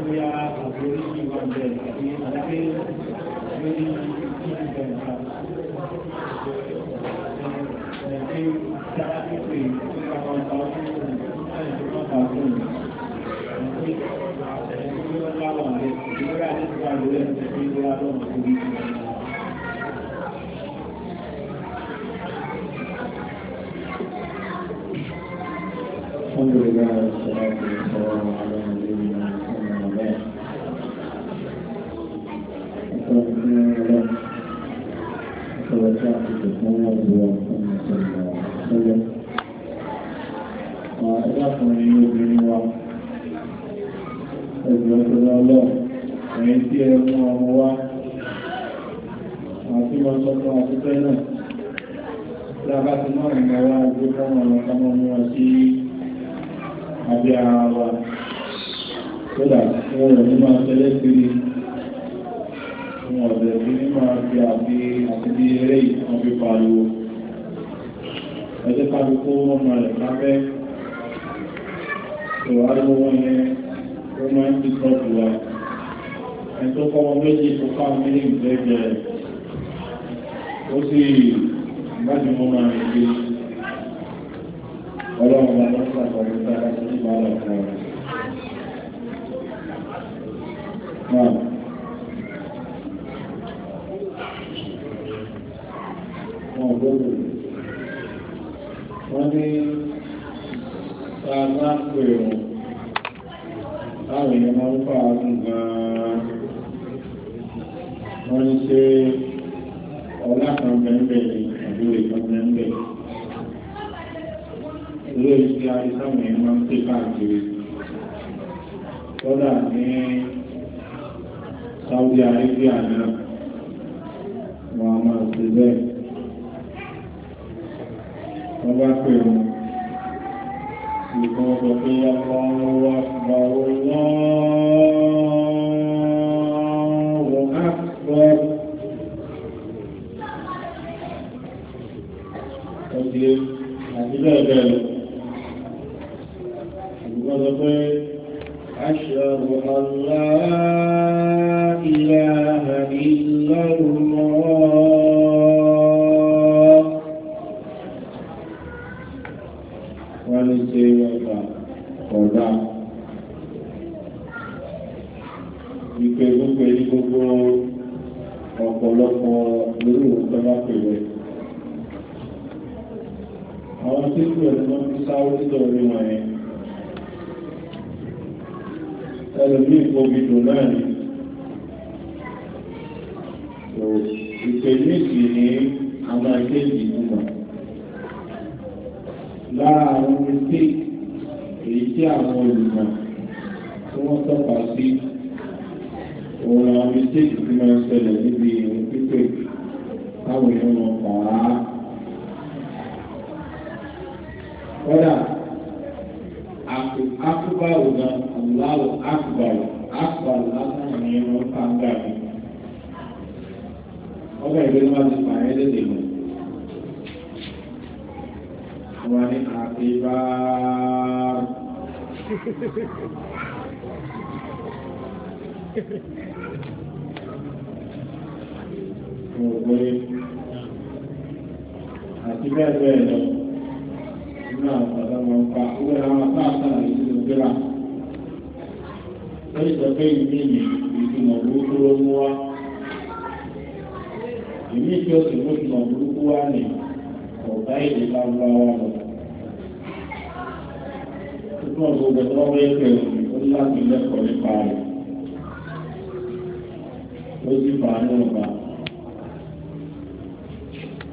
Thank Gracias. ilé iṣẹ́ àìsàmì ẹ̀mọ́ sí káàkiri kọ́dà ní Saudi Arabia náà wọ́n a máa ṣe bẹ́ẹ̀ wọ́n bá pè ìkọ́ ọ̀pọ̀ pé ọkọ̀ ọwọ́ ọwọ́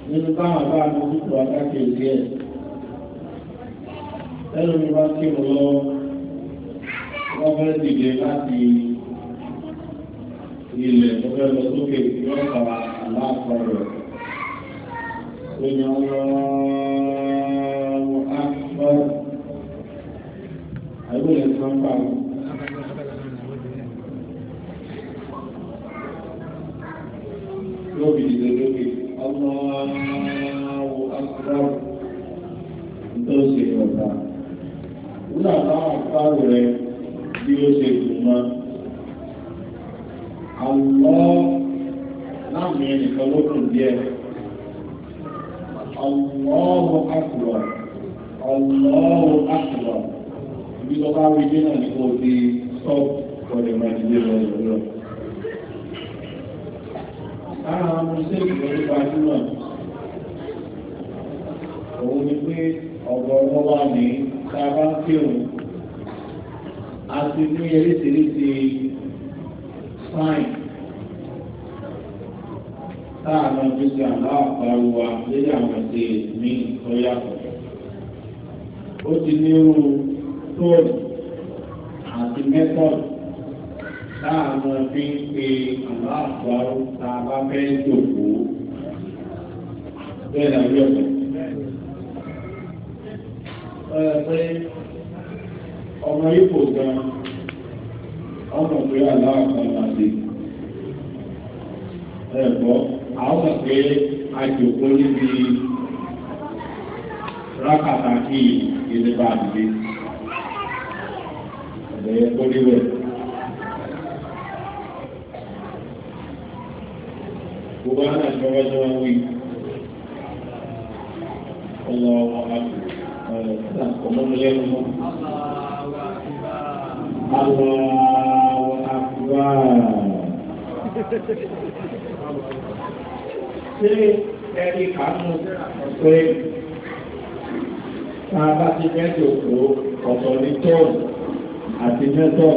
nínú táwọn bá mi dúpọ̀ akáké ìdí ẹ̀. ẹnu mi bá kí mo lọ wọ́n fẹ́ dìde láti ilẹ̀ tó fẹ́ lọ sókè yóò kà á rẹ̀. ó ní ọlọ́run. mẹ́tọ̀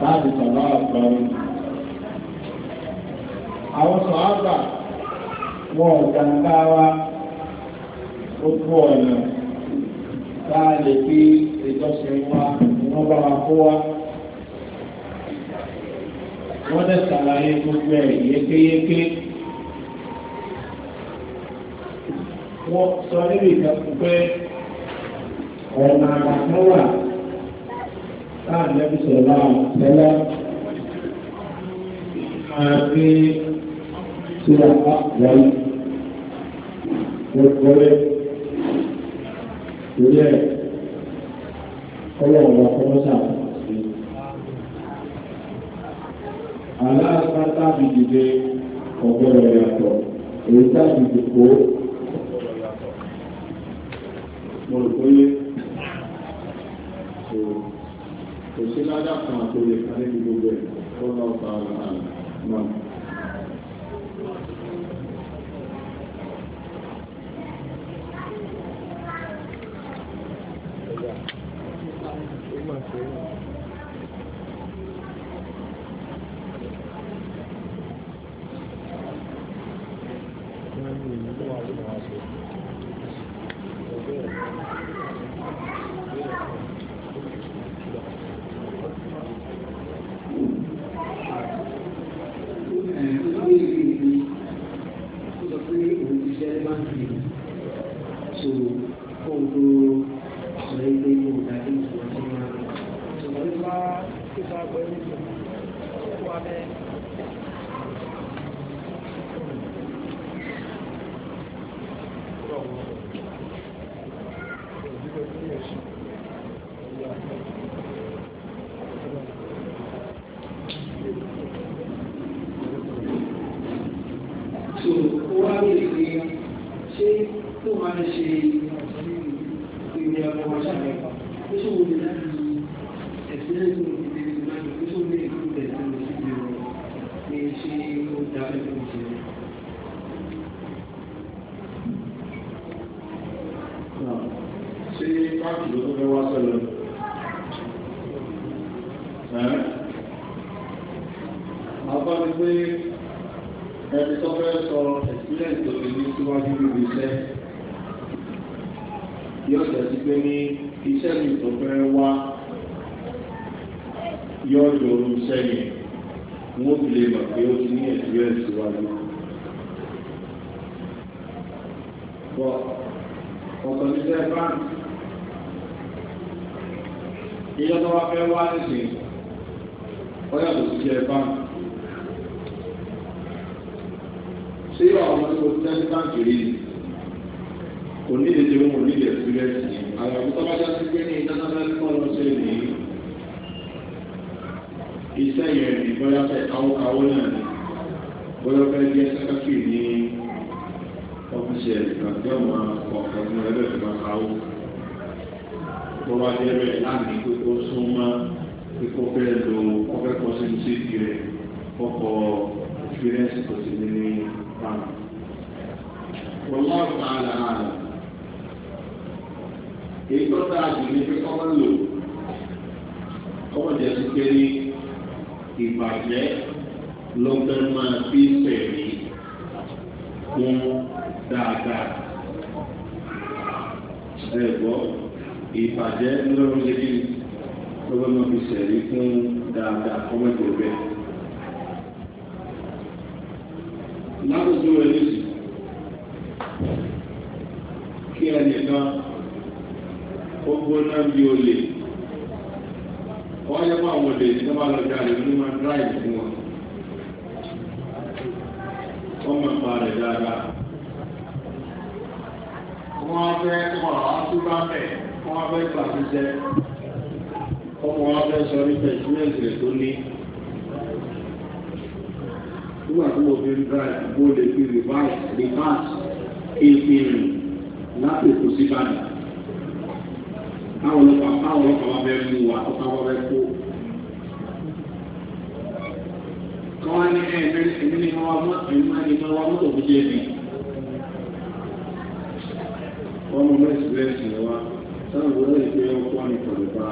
láti sọ̀rọ̀ àgbàrí. Àwọn sọ̀rọ̀ àgbà wọn ọ̀gbàǹkà wa ó kú ọ̀nà tá a lè fi ìjọsìn wa wọ́n bá wa kó wa. Wọ́n dẹ̀ sàlàyé gbogbo ẹ̀ yékéyéké. Wọ́n sọ níbi ìkàkùn pé ọ̀nà àgbà kan wà táà lẹ́bí sọ̀rọ̀ náà tẹ́lẹ̀ máa gbé tí a bá wáyé gbogbo rẹ̀ lórí ẹ̀ ọlọ́run wa kọ́ sà sí. aláàbá tábì dìde yàtọ̀ èyí tábì dìbò ọgbọ́dọ̀ yàtọ̀ mo rò pé ládàkùn àtòyè kan níbi gbogbo ẹ̀ tó lọ́ọ́ ta náà. káàkiri tó fẹ́ wá sọ́lọ́ àbá ni pé ẹni tó fẹ́ sọ experience tó ti ní síwájú níbi iṣẹ́ yóò tẹ̀sí pé ní iṣẹ́ mi tó fẹ́ wá yóò yọrù iṣẹ́ wọ́n lè mọ̀ pé ó ti ní experience síwájú. Bọ̀ ọ̀kan ní sẹ́ẹ̀ iye tó wá fẹ́ wá nìsín ọ̀yà tó ti jẹ báńkì. ṣé ọmọ tí tẹ́ sí báńkì rí kò ní ìdíje wọn kò ní ìdíje ẹ̀sìrẹ́sì àwọn àbúkọ́ bá dá sí pé ní international kọ́ọ̀lù ṣe ní iṣẹ́ yẹn ní bóyá fẹ́ káwọ́káwọ́ náà ní bóyá fẹ́ jẹ́ sẹ́kẹ́tì ní ọ́fíìsì ẹ̀ka tí ọmọ ọ̀kan ní ẹlẹ́sìn tó wá jẹ́ bẹ́ẹ̀ láàmì pé ó sún mọ́ kíkó fẹ́ lo ọ̀fẹ́ kan sínú sí ìrẹ̀ ọkọ̀ experience tó ti ní ní báńkì. wọ́n wá fún àlà àlà èyí tó a jù ní pé ọmọ lò ọmọ jẹ́ sí pé ní ìbàjẹ́ ló máa bí pẹ̀lú fún dáadáa. Ẹ ìbàjẹ́ lọ́rùn ṣe kí lọ́gbọ́n fi sẹ̀rí fún dáadáa kọ́mẹ́tì rẹ̀. lákòókò rẹ̀ lè sì kí ẹnìkan ó gbóná bí olè wọ́n yẹ fún àwọn olè tó bá lọ jáde ní wọn dráì fún wọn. wọ́n mọ̀ pa rẹ̀ dáadáa. wọ́n fẹ́ kọ́ ọ́ tó bá bẹ̀rẹ̀ wọ́n wá fẹ́ gbà mí jẹ́ ọmọ wọn fẹ́ sọ nípa ìsúnmẹ́sì rẹ̀ tó ní. nígbà tí mo fi ń dra ìdìbò lè fi rìváìsì rìváìsì èpè rìn láti èkó sí ìbàdàn. táwọn ọlọ́pàá táwọn ọlọ́pàá wọn fẹ́ mú wa ọ̀pá wọn fẹ́ kó. káwọn ní ẹ̀ẹ́dẹ́gbẹ̀rún ẹ̀mí ni wọ́n wá mọ́tò fún jẹ́ mi sáwọn ìwé ìfẹ́ ọkọ ní kọ̀lùbá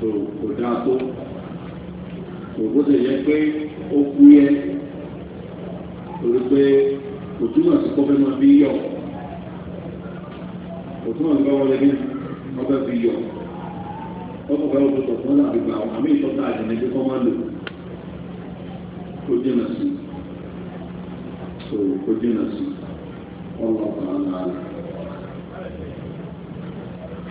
tó kò dáa tó kò gbọ́dọ̀ yẹ pé ó kú yẹ torí pé kò túmọ̀ sí kọ́fẹ́ máa bí yọ̀ kò túmọ̀ sí kọ́fẹ́ lẹ́bí ọbẹ̀ bí yọ̀ kọ́fẹ́ fẹ́ ọdún tó fún àgbègbè àwọn àmì ìtọ́ta àjẹmẹ́ pé kọ́ máa lò kó jìnà sí kó jìnà sí ọlọ́pàá náà.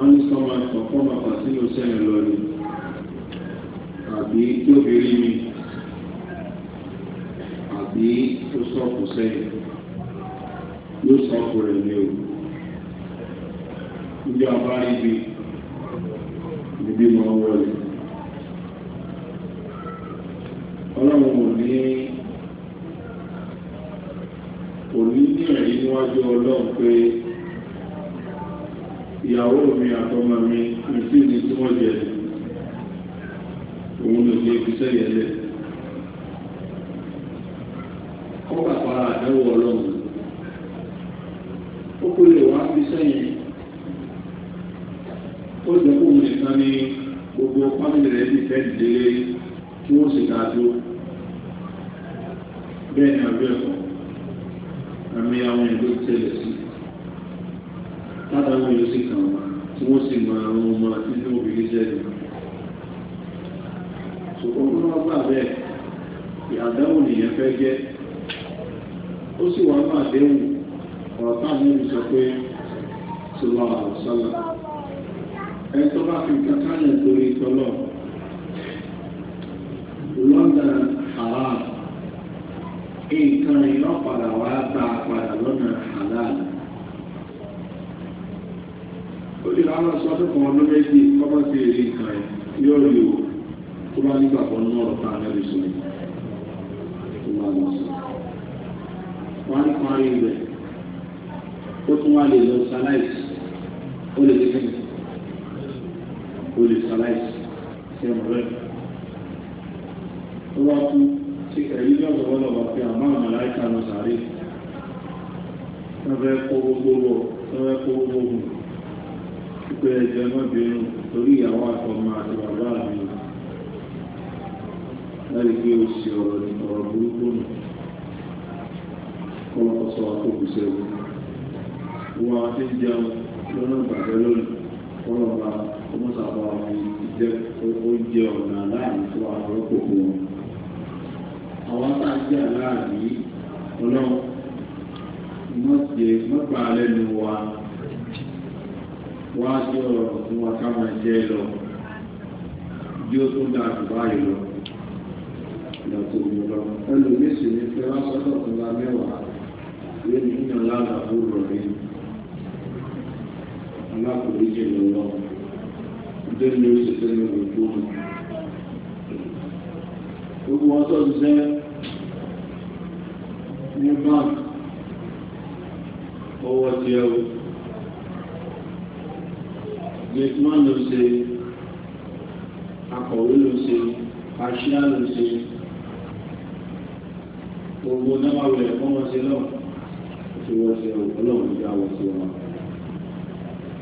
wọ́n ní sọ́mọ ọ̀pọ̀ màpá sínú sẹ́yìn lọ ni àbí tó bèrè mi àbí tó sọ́kù sẹ́yìn yóò sọ́kù rẹ̀ ní o. Ìjọba rí bi, ìbí wọlé. ọ̀rọ̀ táà ní ìsọ pé sọlá àwòsálà ẹni tó bá fi kankan yẹn torí tọ́lọ̀ lọ́dà àrà nǹkan iná padà wá bá a padà lọ́nà àlàálà. ó lè lọ́wọ́ sọ́dún kan ọdún méjì kọ́mọ́ sí èrè nǹkan yóò rí o tó bá nígbàgbọ́ nínú ọ̀rọ̀ táà ní ìsọ yìí. Wọ́n á ní parí rẹ̀ ó tún wá lè lọ saláìsì ó lè tẹ́lẹ̀ ó lè saláìsì ṣe mọ̀ rẹ̀ ó wá kú ṣe ẹ̀rí ní ọ̀sán wọ́n lọ́wọ́ pé àmọ́ àmọ́ láìka lọ sàárè wọ́n fẹ́ gbogbo wọ̀ wọ́n fẹ́ gbogbo wọ̀ pípẹ́ ẹ̀jẹ̀ náà torí ìyàwó àtọ̀mọ́ àti bàbá rẹ̀. ti jẹun lọ́nà ìgbàgbọ́ lónìí fọ́lọ́ wa ó mọ̀ sábà oúnjẹ ọ̀nà láàrin tó wà fún wọn. àwọn tá a jẹ́ aláàbí ọlọ́run mọ́gbà wá sí ọ̀rọ̀ fún wa ká máa jẹ́ lọ bí ó tún dáa báyìí lọ ìyàtọ̀ ẹlòmísìn fẹ́ wá sọ́tọ̀ mẹ́wàá rọ̀ alákòóríjì lọ́wọ́ nítorí ní oṣù tó ní gbogbo wọn. gbogbo wọn o ń jẹ́ ní bank owó tí ẹ wò gateman ló ṣe akọ̀wé ló ṣe aṣíá ló ṣe gbogbo náà wà wẹ̀ fún wọn ṣe náà ó ti wọ́n ṣe ọlọ́run ìjà wọ́n ṣe wọn.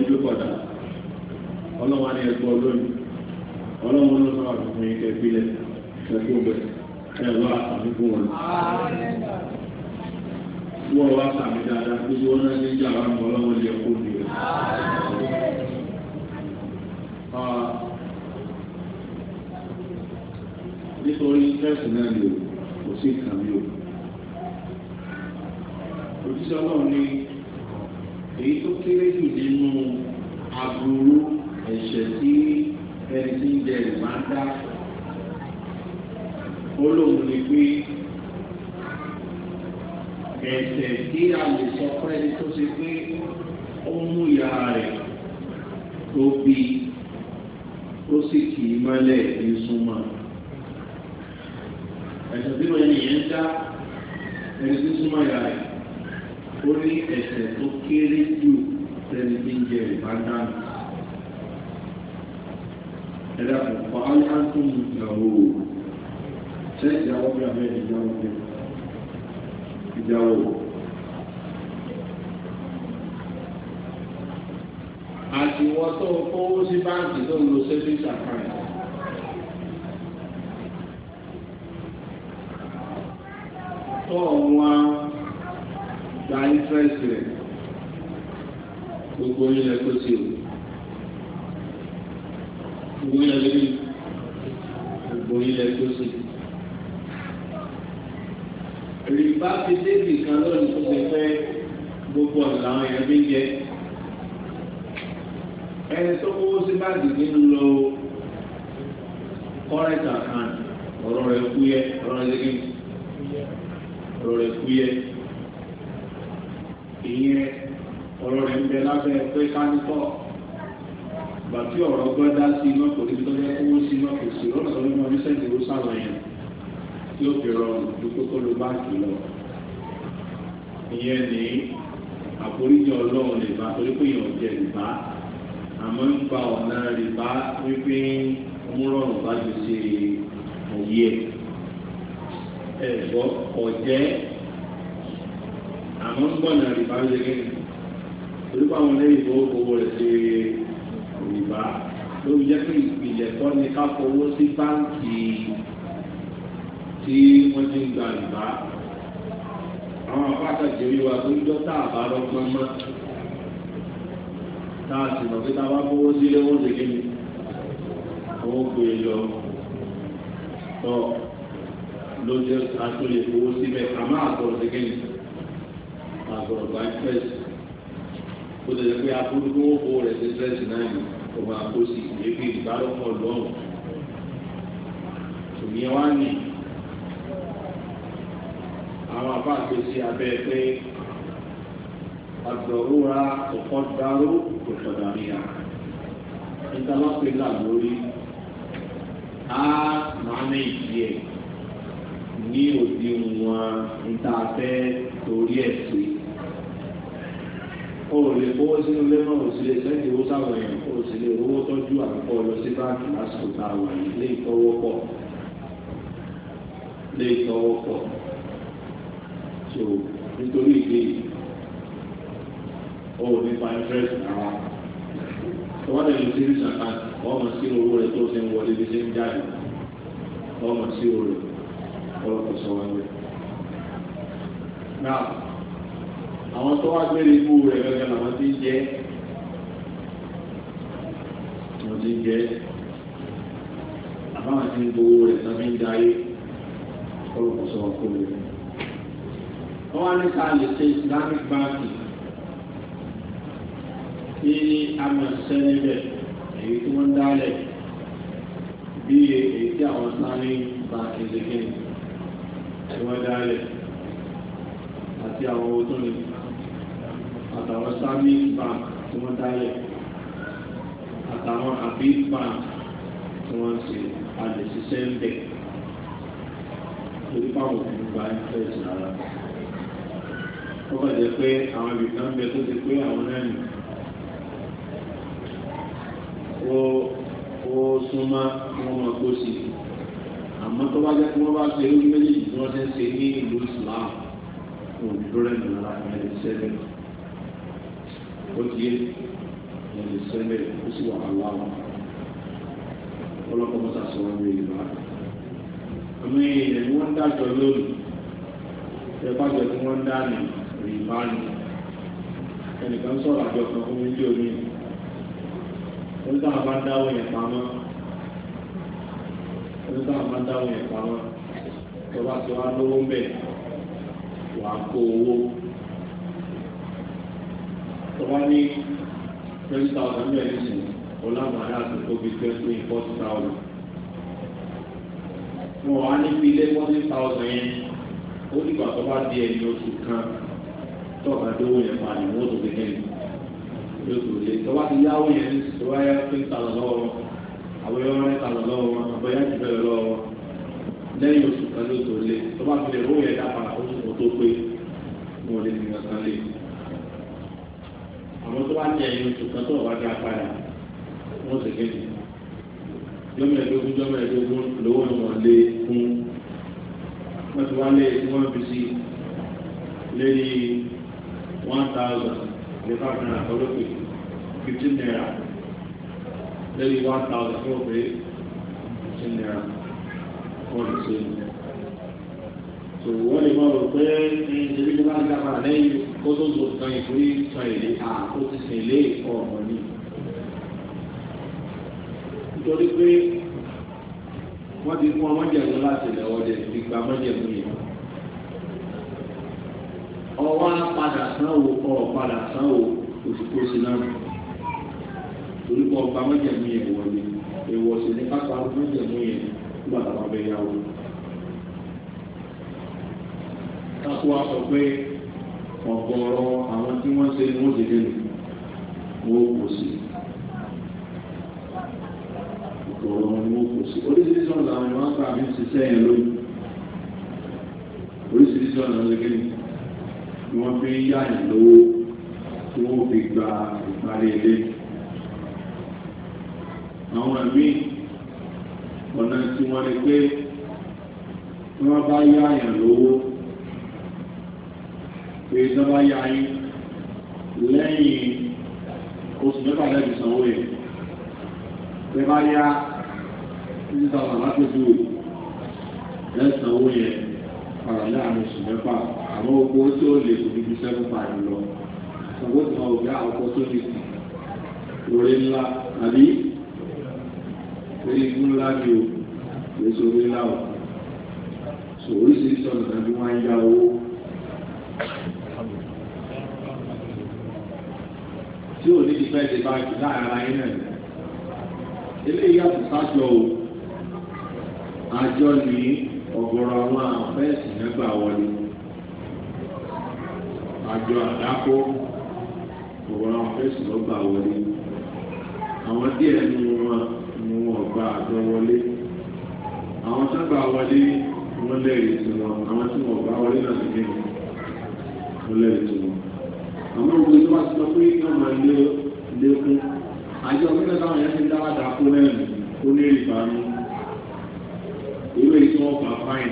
yíyó padà ọlọ́run á ní ẹgbọ́ lónìí ọlọ́run ló sọ̀rọ̀ àfikún yín kẹ́gbílẹ̀ ẹ̀kú bẹ̀ ẹ̀rọ àfikún wọn. wọ́n wá sàmì dáadáa gbogbo wọn náà ní ìjà àwọn ọlọ́run lè kó bì í. Ah, nítorí fẹ́ẹ̀sì náà ni o sí ìkàwé o. òjíṣẹ́ ọlọ́run ní èyí tó kéré jù nínú aburú ẹ̀ṣẹ̀ tí ẹni tí ń jẹ ìwà ń dá olóhùn ni pé ẹ̀ṣẹ̀ tí a lè sọ fún ẹni tó ṣe pé ó mú ìyá rẹ̀ tó bí ó sì kì í mọ́lẹ̀ ní súnmọ́ ẹ̀ṣẹ̀ tí wọ́n ẹni yẹn ń dá ẹni tí súnmọ́ ìyá rẹ̀ ó ní ẹ̀ṣẹ̀ tó kéré jù sẹ́ni tí ń jẹ ìbádánù ẹ̀dá kò pa áyáńtún ìyàwó ṣe ìyàwó bí abẹ́ ìyàwó bí ìyàwó àti wọ́n tó kówó sí báńkì tó ń lo savings account tó wọn gba íńtírẹ́sì rẹ̀ gbogbo onílẹ̀ tó ti o gbogbo onílẹ̀ lórí gbogbo onílẹ̀ tó ti rìbá ti débì kan lónìí tó ti fẹ́ gbogbo ọ̀nà làwọn èèyàn bí jẹ ẹni tó kówó sí báàgì nínú lọ kọ́rẹ́tà kan ọ̀rọ̀ rẹ̀ kúyẹ́ ọ̀rọ̀ rẹ̀ kúyẹ́ ọ̀rọ̀ lábẹ́ pé kánífọ̀ ìgbà tí ọ̀rọ̀ ọgbọ́n dá sí iná kò níbi tó fẹ́ kówó sí iná kò sí lọ́nà tó lọ́mọ oníṣẹ́ ìdíwó sáwọn yẹn tí ó fi rọrùn ju kókó ló báńkì lọ. ìyẹn ní àforíjì ọlọ́run lè bá torí pé èèyàn jẹ rìbá àmọ́ ń gba ọ̀nà rìbá wípé ọmúrọ̀rùn bá ti ṣe òye ẹ̀gbọ́ ọ̀jẹ́ àmọ́ ń gbọ̀nà rìbá ló ṣe kéde torípa àwọn lẹ́yìn ìfowópamọ́ rẹ̀ ṣe òyìnbá ló jẹ́ pé ìpìlẹ̀ kọ́ ni ká fowó sí báǹkì tí wọ́n ti ń gba ìbá àwọn apákàtì orí wa tó ń jọ tá àbá lọ́gbọ́n mọ́ tá a sì mọ̀ pé tá a bá fowó sí lẹ́wọ́n ṣe kí ni owó gbé e lọ tọ́ ló jẹ́ àtúnlẹ̀ fowó síbẹ̀ àmọ́ àtọ̀ ṣe kí ni àtọ̀ gba ẹ̀fẹ́ ó lè pé aburú tó ń kó rẹ̀ sí dírẹ́sì náà yìí ó máa kó sí ìgbégbé ìbálòpọ̀ lọ́rùn. ìyẹn wá ní àwọn àbá àgbèsí abẹ́ pé àgbọ̀rúra ọ̀pọ̀ dáró kò sọ̀dàrí à. níta lórí a máa ní ìdí ní òdiwọ̀n níta torí ẹ̀ sí o lè sínú lẹ́mọ̀ o sì lè sáwọn èèyàn o sì owó tọ́jú àkọ́kọ́ lọ sí báńkì lásìkò tá a ìtọ́wọ́pọ̀ lé ìtọ́wọ́pọ̀ so nítorí ìdí yìí o ò náà wọ́n lè lè sí ṣàkàn ọmọ sí owó rẹ̀ tó ṣe ń wọlé bí ṣe ń jáde ọmọ sí owó rẹ̀ ọlọ́pàá sọ wọn lé àwọn tó wá gbére ikú rẹ̀ gẹ́gẹ́ làwọn ti ń jẹ́ wọ́n ti ń jẹ́ àbáwọn ti ń gbowó rẹ̀ tàbí ń darí olùkọ́sọ ọkùnrin rẹ̀. wọ́n wá nípa lè ṣe islamic bank tí a mọ̀ ṣiṣẹ́ níbẹ̀ èyí tí wọ́n dálẹ̀ bí èyí tí àwọn islamic bank ṣe kéde tí wọ́n dálẹ̀ àti àwọn owó tó lè fi àtàwọn Stanbic Bank tí wọ́n dálẹ̀ àtàwọn Habib Bank tí wọ́n ṣe alẹ́ ṣiṣẹ́ ń bẹ̀ torí báwọn kò gba ẹgbẹ́ ìsìlára. ó bàjẹ́ pé àwọn ibìkan ń bẹ tó ti pé àwọn náà nì. ó ó súnmọ́ wọn máa kó sí i àmọ́ tó bá jẹ́ kí wọ́n bá ṣe orí méjèèjì tí wọ́n ṣe ń ṣe ní ìlú Islam òun dúró lẹ́nu ara ẹ̀ ṣẹlẹ̀ ó ti yé wọn lè sẹ́lẹ̀ ó sì wà wá wọn ọlọ́pàá mọ́tà sọ wọn lè bá àmì èèyàn ni wọ́n dájọ́ lónìí ẹ̀fájọ́ tí wọ́n dá ní rìbá ni ẹnìkan sọ̀rọ̀ àjọ kan fún mi ní omi oníkàwọn bá ń dáwọ́ yẹn pamọ́ oníkàwọn bá ń dáwọ́ yẹn pamọ́ tọ́ba tí wọ́n á lówó ń wàá kó owó tó bá ní twenty thousand bẹ́ẹ̀ ní sìn ọlámàdá tó tóbi twenty forty thousand wọn wá níbi ilé forty thousand yẹn ó dìgbà tó bá di ẹni oṣù kan tó ọ̀gá dówó yẹn pa ni wọ́n tó fi kẹ́yìn lóṣù lè tó bá ti yáwó yẹn tó bá yá twenty lọ́wọ́ àbẹ̀yọ́ one thousand lọ́wọ́ àbẹ̀yá jù bẹ́ẹ̀ lọ́wọ́ lẹ́yìn oṣù kan lóṣù lè tó bá fi lè rówó yẹn dá padà oṣù tó pé wọn lè nìkan kan lè àwọn tó bá ní ẹ̀yìn oṣù kan tó wà já padà wọ́n sì kéde jọ́mẹ̀ẹ́dógún jọ́mẹ̀ẹ́dógún lówó ni wọ́n lé fún wọ́n ti wá lé wọ́n fi sí lérí one thousand lè fà fún àkọlọ́pẹ̀ fifteen naira lérí one thousand tó pé fifteen naira wọ́n lè ṣe. tòwọ́ lè máa rò pé ní ìdílé tó bá ń dábàá lẹ́yìn kó tó tó kan ìkórí kan èlé àkó ti sìn ilé ìkọ ọ̀rọ̀ ni. nítorí pé wọ́n ti fún ọmọdé ẹ̀dọ́ láti ilẹ̀ ọdẹ ti gba ọmọdé ẹ̀dọ́ yìí. ọwọ́ padà sanwó ọ̀ padà sanwó òsìkòsì náà torí kọ́ ọba ọmọdé ẹ̀dọ́ yìí ni, èèwọ̀ sì ní kápá ọmọdé ẹ̀dọ́ yìí nígbà táwọn abẹ́yàwó. kápá sọ pé ọ̀gọ̀ọ̀rọ̀ àwọn tí wọ́n ṣe ni wọ́n ṣe délé wọ́n kò sí ọ̀gọ̀ọ̀rọ̀ wọn ni wọ́n kò sí oríṣiríṣi ọ̀nà àwọn máa ń pa àmì ṣiṣẹ́ yẹn lónìí oríṣiríṣi ọ̀nà lẹ́gẹ́ ni wọ́n fi ń yá yẹn lówó tí wọ́n fi gba ìparí ilé àwọn ẹ̀mí ọ̀nà tí wọ́n ní pé wọ́n bá yá yẹn lówó èyí tó bá yá yín lẹ́yìn oṣù mẹ́fà lẹ́bi sanwó yẹn tẹ bá yá títí táwọn alákòóso ẹ sanwó yẹn padà láàrin oṣù mẹ́fà àmọ́ owó tí ó lè kò níbi sẹ́fún pàdé lọ owó tí wọn ò gbé àwọn ọkọ tó lè sí ńlá àbí orí ńlá ni o èso orí ńlá o sòwò oríṣiríṣi ọ̀nà tàbí wọ́n á yá owó. tí ò ní dìfẹ́ǹsì báńkì láàrin ayé náà ni. eléyìí yàtọ̀ sájọ o àjọ ní ọ̀gọ̀rọ̀ àwọn àfẹ́ẹ̀sì nígbà wọlé àjọ àdákó ọ̀gọ̀rọ̀ àfẹ́ẹ̀sì lọ́gbà wọlé àwọn díẹ̀ ní wọn ni wọn gba àjọ wọlé àwọn sábà wọlé wọn lẹ́rìí tiwọn àwọn tí wọn gba wọlé náà ti dé wọn lẹ́rìí tiwọn àmọ́ òwe tó bá ti sọ pé kí wọ́n máa lé lékún àjọ mílẹ̀ táwọn yẹn ti dáradà kó lẹ́nu kó ní ìbámu ìwé tí wọ́n fà fáìn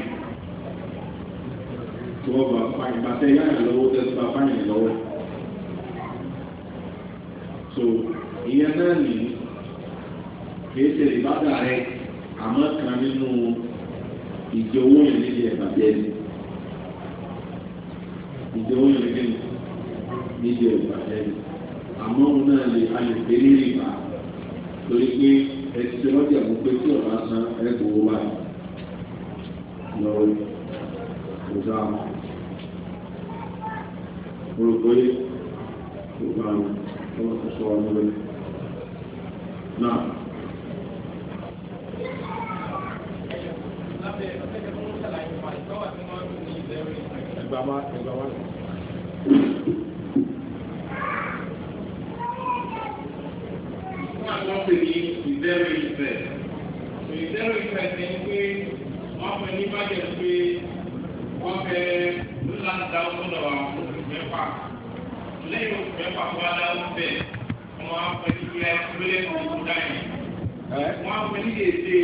tí wọ́n fà fáìn bàtẹ yáyà lọ́wọ́ tẹ́tí fà fáìn lọ́wọ́ so ìyẹn náà nìyí kìí ṣe ìbádà rẹ àmọ́ kan nínú ìjẹ owó yẹn níbi ẹ̀bàjẹ́ ni ìjẹ owó yẹn níbi ẹ̀bàjẹ́ níbi ìbàjẹ́ ni àmọ́ òun náà lè alèpé nílì ìbà lórí pé ẹtì tí wọ́n jẹ̀bú pé tí ọ̀rọ̀ asan ẹ̀kọ́ wà lọ́wọ́ ìgbà olùkọ́ yìí ìgbà ọmọ tó sọ wọn lórí náà. Ìgbà wa pàtó aláwọ̀ bẹ́ẹ̀ wọ́n á pẹ́ ní ẹgbẹ́lẹ́ kọ̀ọ̀kan dáìní. wọ́n á pẹ́ ní èdè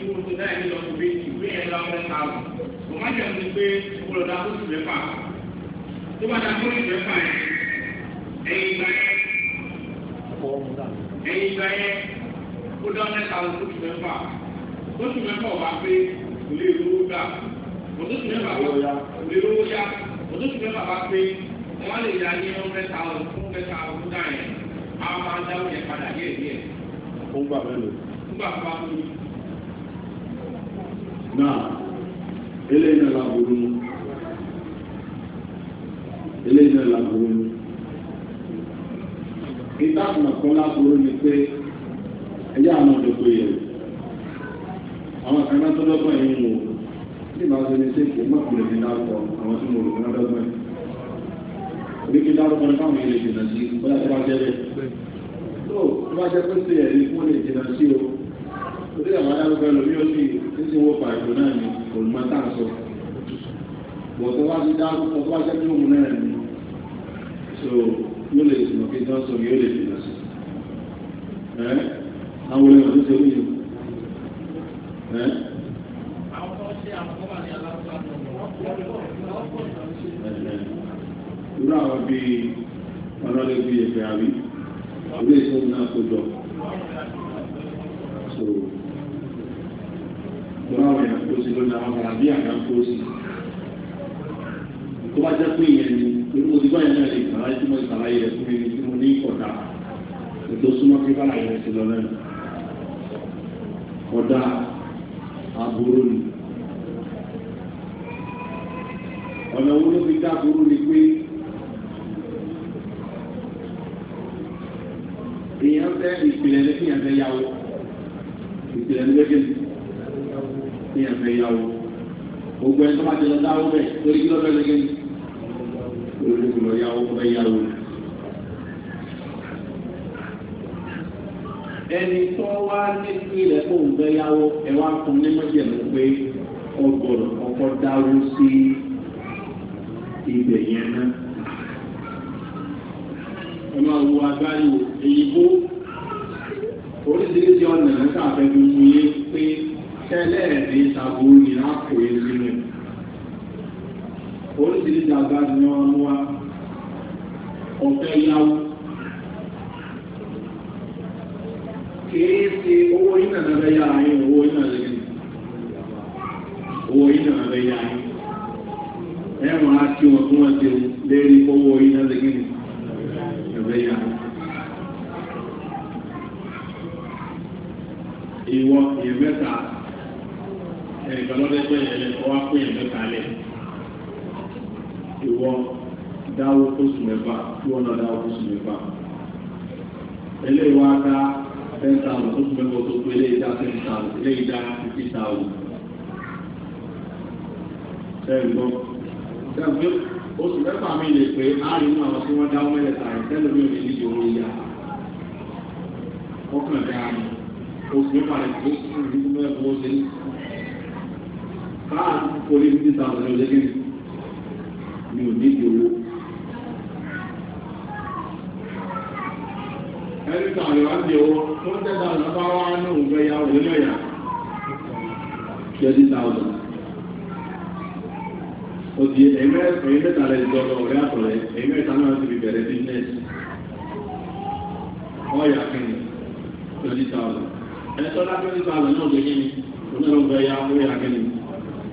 ìwọ̀n tó dáìní lọ sí pé ìwé ẹ̀ lọ́wọ́ ta lọ. kò má jẹ́ mi pé olùdá tó sì lẹ́fà. tó bá ta tó sì lẹ́fà yẹn ẹ̀yìn ìgbà yẹn ẹ̀yìn ìgbà yẹn ó dá mẹ́ta lọ tó sì lẹ́fà. tó sì lẹ́fà ọ̀bá pé kò lè lówó gbà. kò tó sì lẹ́fà wọ́n lè yá ní wọ́n fẹ́ ta ọ̀rọ̀ fún fẹ́ ta ọ̀rọ̀ dá yẹn a máa dáwọ́ yẹn padà díẹ̀ díẹ̀. ó gbà mẹ́lò. ó gbà fún wa náà eléyìí náà làbúrú eléyìí náà làbúrú ìtàkùn ọ̀kan làbúrú ni pé ẹ̀yà àwọn ọ̀dọ́gbò yẹn àwọn kan náà tó lọ́gbọ̀n yìí mú un nígbà tó ní sèkè mọ́kùnrin ní láàpọ̀ àwọn tí mo rò fún ọdọ́gbọ̀n yìí orí kí dárúkọ ní káwọn èèyàn lè jìnà sí bóyá tó bá jẹ́ bẹ́ẹ̀. tó tó bá jẹ́ pé ṣe ẹ̀rí fún lè jìnà sí o orí àwọn adarúgbó ẹlòmí ó sì ń sì wọ pàjọ náà ní olùmọ tá a sọ. bọ̀ tó bá ti dárúkọ tó bá jẹ́ pé òun náà ní so yóò lè jìnà kí tó sọ yóò lè jìnà sí. ẹ àwọn olè ọ̀dọ́ ṣe wí o. ẹ. àwọn tó ń ṣe irú àwọn bí ọlọ́lẹ́ bí ẹ̀fẹ̀ àrí ilé ìṣẹ́ náà tó jọ so lọ́wọ́ àwọn èèyàn kó sí lónìí àwọn ọmọ àbí àná kó sí tó bá jẹ́ pé ìyẹn ni irú mo ti bá ìyẹn náà lè gbà láti mọ ìsàlàyé rẹ̀ fún mi tí mo ní ìkọ̀dà ètò súnmọ́ pé bára ìrẹsì lọ lẹ́nu aburú ẹni tàn lè wọ́n dìó tó ń tẹ́ta ọ̀nà wá ní òǹgbẹ́ ya òun náà yà twenty thousand òtí ẹ̀mẹ́ ẹ̀yìn mẹ́ta lẹ̀ ìjọba ọ̀rẹ́ àtọ̀rẹ́ ẹ̀yìn mẹ́ta náà ti fi bẹ̀rẹ̀ business ọ̀yà kìnnì twenty thousand ẹ̀tọ́ dá twenty thousand náà gbé kíni onílọ́gbẹ́ ya ọ̀yà kìnnì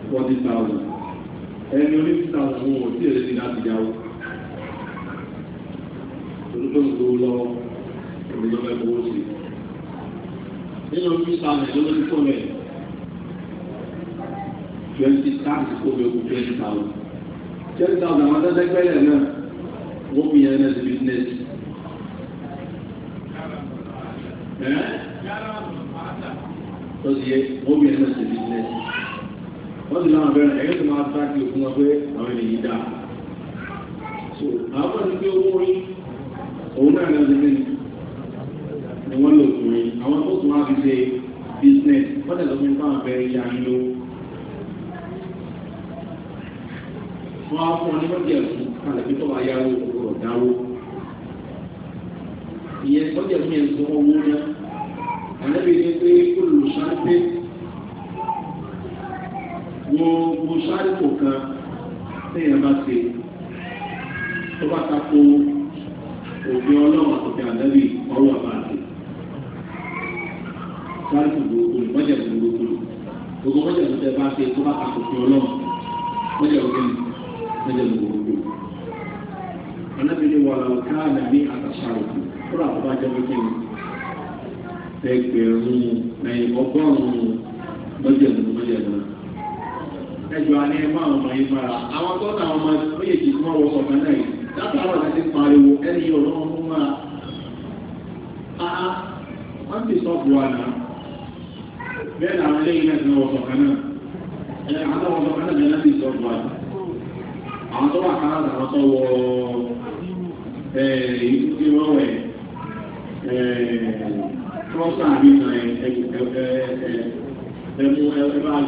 forty thousand ẹni oní fifty thousand wọn ò tí èrè ti láti yáwó olùkọ́ òní ló fẹ́ fowó sí nínú two thousand ló ló ti kó mẹ́rin twenty thousand kó mi kú twenty thousand twenty thousand àwọn tẹ́tẹ́gbẹ́lẹ̀ náà wọ́n fi yẹn lẹ́sìn business. Ó sì yẹ wọ́n fi yẹn lẹ́sìn business. Wọ́n sì náà bẹ̀rẹ̀ ẹ̀yẹ́ tó máa sáà kí o fún wọn pé àwọn ènìyàn dáa. So àwọn ọ̀sẹ̀ pé owó orí òun náà lẹ́sìn business. fẹ́ ya ń lò wọ́n á fún ọ ní wọ́n jẹ́ ẹ̀sùn kálẹ̀ pé tó bá yáwó ọ̀dáwó.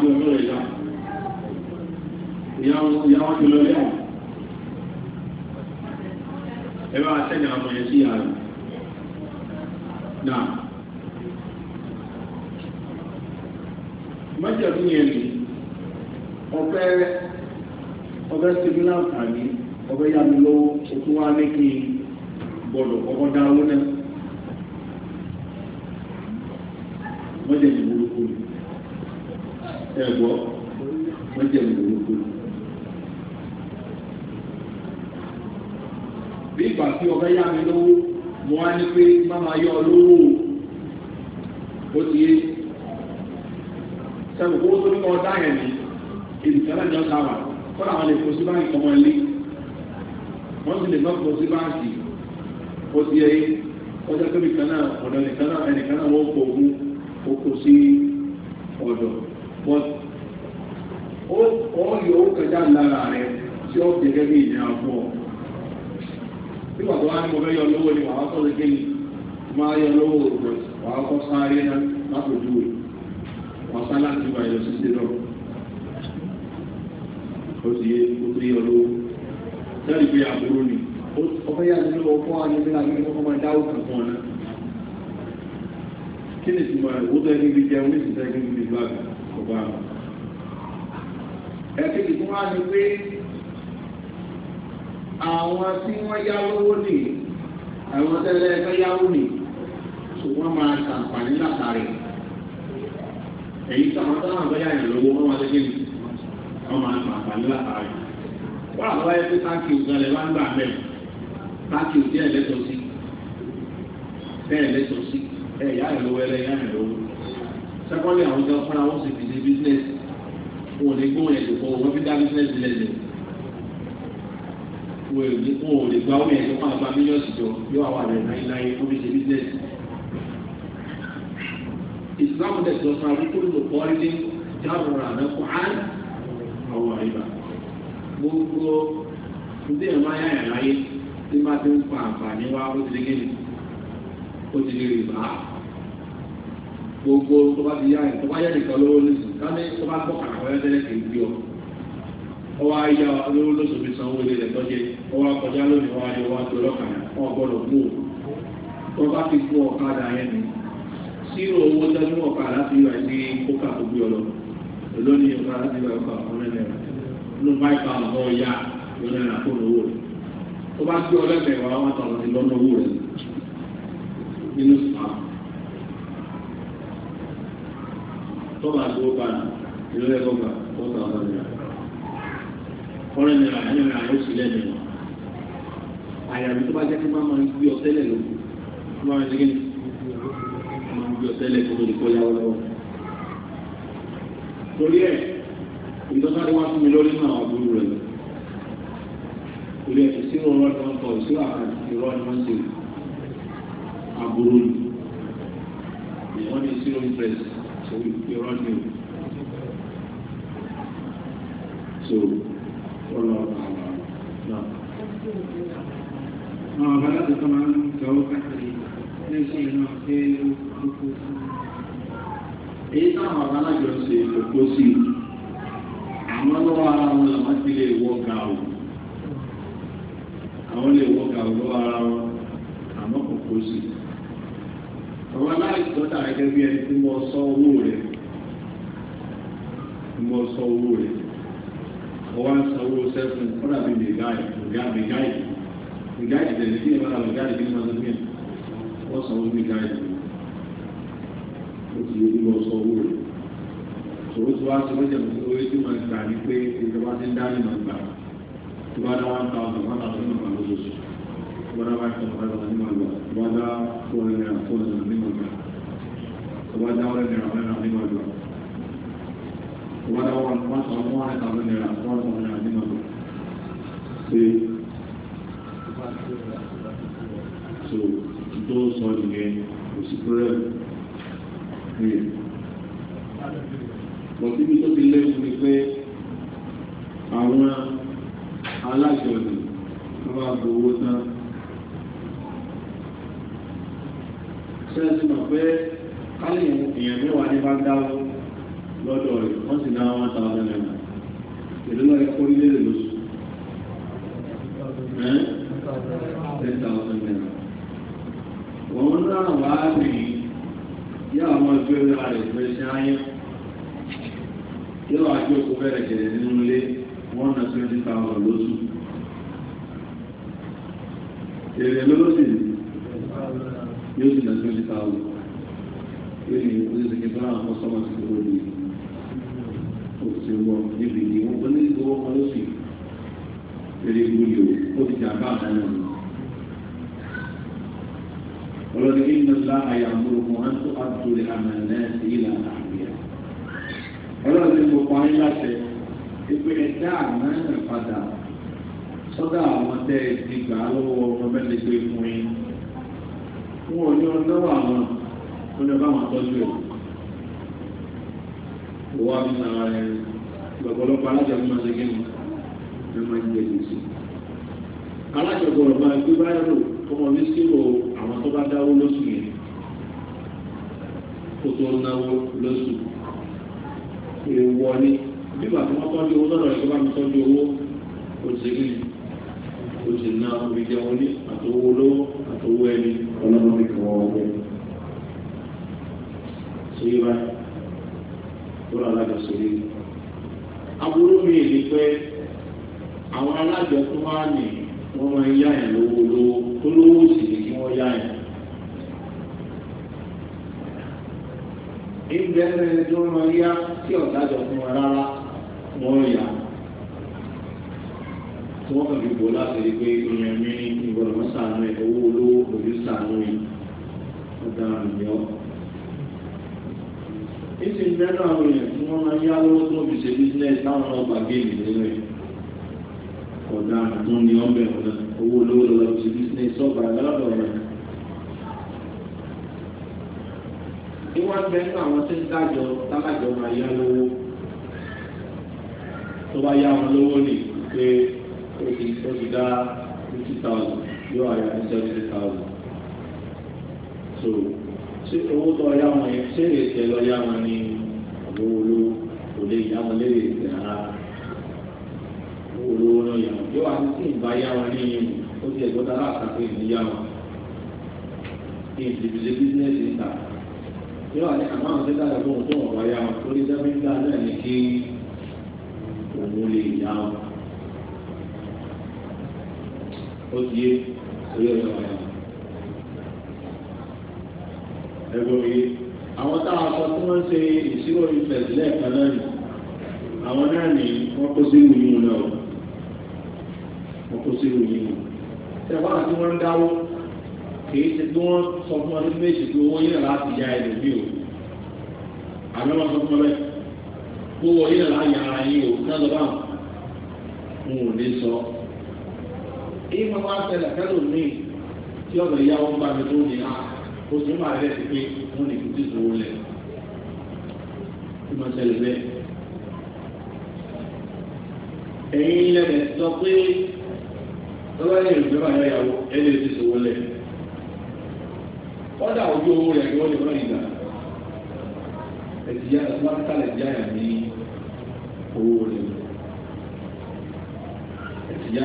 ju ọjọ́ rẹ̀ yá lọ lẹ́wọ̀n ẹ bá sẹ́yìn sí yàrá náà mọ́jọ̀dú yẹn ni ọ̀pẹ́ ọ̀pẹ́ síbi láǹfààní ọ̀pẹ́ yàmúlówó òtún wá ní kí gbọ́dọ̀ ọkọ̀ dáwó ẹ̀gbọ́ wọ́n jẹ́ ìgbòho. bí ìgbà tí ọba yá mi lówó mo wá ní pé má máa yọ lówó ó ti yé sẹ́wọ̀n kó tó ní kọ́ dá yẹn ní ìdìtẹ́lẹ̀ ní ọ̀sán wa kọ́ra àwọn lè kó sí báyìí kọ́mọ ilé wọ́n sì lè má kó sí báyìí ó ti yẹ ọjọ́ pé nìkan náà ọ̀dọ̀ nìkan náà ẹnìkan náà wọ́n kó ogún ó kó sí ọ̀dọ̀ wọ́n yọ ó kẹjá lára rẹ̀ tí ó gẹ́gẹ́ bí ìyá fún ọ. Nígbà tó wá ní mo fẹ́ yọ lówó ni wàá kọ́ lókè ni, máa yọ lówó òkú, wàá kọ́ sáré náà látòjú rẹ̀, wàá sá láti gba ìyọ̀ sísè lọ. Ó ti yé ó ni, ó fẹ́ yà nínú ọkọ̀ àyẹ̀dẹ́lá ní ọkọ̀ máa dáwó kan fún ọ náà. Kí ni ìtumọ̀ rẹ̀? Ó tẹ́ níbi jẹun ní ìsìnkú níbi kò bá wọn. ẹ̀kejì fún wa ni pé àwọn tí wọ́n yá lówó nì àwọn tẹ́lẹ̀ ẹgbẹ́ yáwó nì ṣùgbọ́n máa ṣàǹfààní látàrí èyí táwọn táwọn àgbẹ̀ yà yàn lówó wọn wá lé kéde wọn máa ṣàǹfààní látàrí. wọ́n àwọn ayé pé táǹkì ògùn ẹ̀ bá gbà mẹ́rin táǹkì ògùn ẹ̀ lẹ́tọ̀ọ́ sí ẹ̀ lẹ́tọ̀ọ́ yá ẹ̀ lówó ẹ̀ lẹ́yìn ẹ̀ lówó sẹ́kọ́ndì àwọn ìjọ fúnra wọn sì fi ṣe bísínẹ́sì wọn ò lè gbóhùn ẹ̀ lè fọ wọn fi dá bísínẹ́sì lẹ́lẹ̀ wọn ò lè gba owó yẹn tó fún àgbà mílíọ̀nù jọ yóò wà wà rẹ̀ láyéláyé fún fi ṣe bísínẹ́sì. ìsìlámù dẹ̀ sọ fún abúkúrú ló kọ́ ilé jáwòrán àmẹ́kọ́ án àwọn àríwá gbogbo ndé ẹ̀ máa yá ẹ̀ láyé tí máa ti ń pa àǹfààní wá ó ti lé gbogbo tó bá ti yá ẹ̀ tó bá yẹ nìkan lówó lóṣù káni tó bá gbọ́kàn àwọn ẹ̀ tẹ́lẹ̀ kìí gbé ọ. ọwọ́ ayá lówó lóṣù fi san ilé rẹ̀ tọ́jú ọwọ́ akọjá lónìí ọwọ́ ayé wa tó lọ́kàdà wọn gbọ́dọ̀ mú o. tó bá ti fún ọ̀kadà yẹn ni sírò owó tẹ́lú ọ̀kadà ti yọ àti kókà tó gbé ọ lọ. lónìí ọ̀kadà ti yọ ọkọ̀ ọ̀rẹ́ rẹ̀ nínú báyìí ọ̀kọ̀ ya lọ́nà àkóhùn owó rẹ̀ tó bá gbé ọlẹ́mẹ̀wá wọn tọ̀ tó bá tó bá ìlú ẹ̀kọ́ gbà tó tà ọ̀dọ̀ nìyà ọ̀rẹ́ nìyà ẹ̀yìn rẹ̀ ó sì lẹ́nu ìwọ̀n àyàbí tó bá jẹ́ kí máa máa ń gbé ọ̀tẹ́lẹ̀ lò ó máa ń gbé máa ń gbé ọ̀tẹ́lẹ̀ tó lè kó yàwó lọ́wọ́ torí ẹ̀ ìdọ́sáré wá fún mi lórí nínú àwọn torí irọ́ ni o. so ọlọ àwọn náà. àwọn bàbá tó kọ́ máa ń gbọ́ káàkiri lẹ́sìn iná pé ó kó sí. èyí táwọn bàbá náà jọ ṣe kó sí i. gẹ́gẹ́ bí ẹni tí mo sọ owó rẹ̀ mo sọ owó rẹ̀ mo wá ń sọ owó sẹ́fún kọ́dà bíi mẹgáì mẹgáì mẹgáì tẹ̀lé kí ẹ bá ra mẹgáì kí ẹ máa lọ́gbìn wọ́n sọ owó mẹgáì ó ti yẹ kí mo sọ owó rẹ̀ òwò tí wàá sọ lọ́jà mi owó tí mo gbà ní pé ìjọba ti ń dání mo gbà tí wàá dá one thousand one thousand mo gbà lóṣooṣù tí wàá dá one thousand one thousand mo gbà tí wàá dá four hundred and four hundred mo gbà tó bá dáwọ́ náírà mẹ́rin nínú ọjọ́ tó bá dáwọ́ wọn wọ́n sọ fún wọn ẹ̀ka mẹ́rin náírà fún ọ̀sán náírà nínú ọjọ́ pé so tó sọ nìyẹn kò sí pẹ́rẹ́ ní bọ̀síbi tó ti léwu ni pé àwọn aláṣẹ ọ̀nà wọ́n bá gbowó tán. Sẹ́ẹ̀sì mọ̀ pé káyọ̀ èèyàn mẹ́wàá ní bá dáwọ́ lọ́dọ̀ rẹ̀ wọ́n sì náà wọ́n tàwọn ẹ̀rọ ìlú náà ẹ̀kọ́ nílé lóṣù wọ́n náà wá rí yá àwọn ẹgbẹ́ rẹ̀ rẹ̀ fẹ́ ṣe ayé yóò àjọ kó bẹ̀rẹ̀ jẹ̀rẹ̀ nínú ilé wọ́n náà twenty thousand lóṣù èrè lọ́lọ́sìn yóò sì náà twenty thousand lórí oníṣègùn tó náà wọ́n sọ́mọ́ sí lórí ní òṣèlú níbi ní wọ́n wọ́n ní ìgbọ́wọ́ kan ló sì lórí ìgbóni o ó ti jà bá àdáná mi. ọlọ́ni kí ni ọ̀la àyàmúrò mọ́ á tó àdúrà àmà náà sí ìlà àríyá. ọlọ́ni mo pa ayé láṣẹ ìpè ẹ̀dá àmà náà padà sọ́dọ̀ àwọn tẹ́ ẹ ó ní ọba àwọn tọ́jú ẹ̀ owó àbísà ara rẹ̀ lọ́pọ̀lọpọ̀ alájọ ló máa ṣe gẹ́nu ló máa ń jẹ gbèsè alájọ gbọ́dọ̀ máa gbé báyọ̀ lò ọmọ mi sílò àwọn tó bá dáwó lóṣù yẹn kó tó náwó lóṣù èèwọ̀ ni nígbà tí wọ́n tọ́jú owó lọ́dọ̀ ìjọba mi tọ́jú owó òṣèlú òṣèlú náà omi jẹun ní àtòwó olówó àtòwó ẹni ọlọ́mọbìnrin wọn wọlé ṣeré báyìí tó rà alájọ ṣeré aburú mi ni pé àwọn alájọ tó wá ní wọn máa yá ẹ lówó lówó tó lówó sì ni kí wọn yá ẹ. ìgbẹ́rẹ́ tó máa yá tí ọ̀dájọ fún wọn rárá wọn yá tí wọ́n kàn fi bò láti rí pé ìyẹn mi ní ìgbọ̀dọ̀ mọ́sàn owó olówó kò ní sàn án ní ọ̀daràn ìsì mẹ́nu àwọn èèyàn tí wọ́n máa yá lọ́wọ́ tó fi ṣe business táwọn náà gbà géèmì nínú ẹ̀ ọ̀dà ni ọ̀bẹ ọ̀dà owó olówó lọ́wọ́ fi ṣe business ọ̀gbà lọ́dọ̀ rẹ̀. ṣé owó tó ọyá wọn yẹn ṣé lè tẹ lọ́yá wọn ní àwọn olówó kò lè yá wọn lè tẹ ara owó olówó náà yá wọn yóò wá sí ìgbà yá wọn ní ó ti ẹ̀gbọ́n dára àtàkùn ìníyá wọn ní ìdìbìlẹ̀ bísíǹnẹ̀sì ń ta yóò wá ní àmọ́ àwọn tó dára òun tó wọ̀ wáyá wọn tó lè dábí ń náà ní kí òun lè yá wọn. ó ti yé oyè ọ̀sán ẹgbẹ̀rún yìí àwọn táwọn sọ tí wọ́n ṣe ìṣirò interest lẹ́ẹ̀kan náà nì àwọn náà nì wọ́n kó sí ìlú yìí náà wọ́n kó sí ìlú yìí náà ṣẹ̀fọ́n àti wọ́n ń dáwó kìí ṣe tí wọ́n sọ fún wọn ní méjì pé owó yìí láti ya ẹ̀rọ bí o àmì wọn sọ fún ọ bẹ́ẹ̀ kó wọ yìí láti ya ara yìí o náà lọ bá wọn ò ní sọ èyí máa wá ṣẹlẹ̀ kẹ́lò míì tí ọ̀dọ̀ ìyá wọn bá mi tó ní náà. Ah, o sì máa rẹ̀ sí pé wọ́n lè fi tìṣó lẹ̀ kí wọ́n ṣẹlẹ̀ bẹ́ẹ̀. ẹ̀yin lẹ́nu sọ pé lọ́wọ́ ẹ̀yìn ìjọba àwọn ìyàwó ẹ̀ lè lẹ̀ wọ́n dà ojú owó rẹ̀ kí wọ́n lè rán ìgbà ẹ̀dìyà wọ́n ní owó rẹ̀ ẹ̀dìyà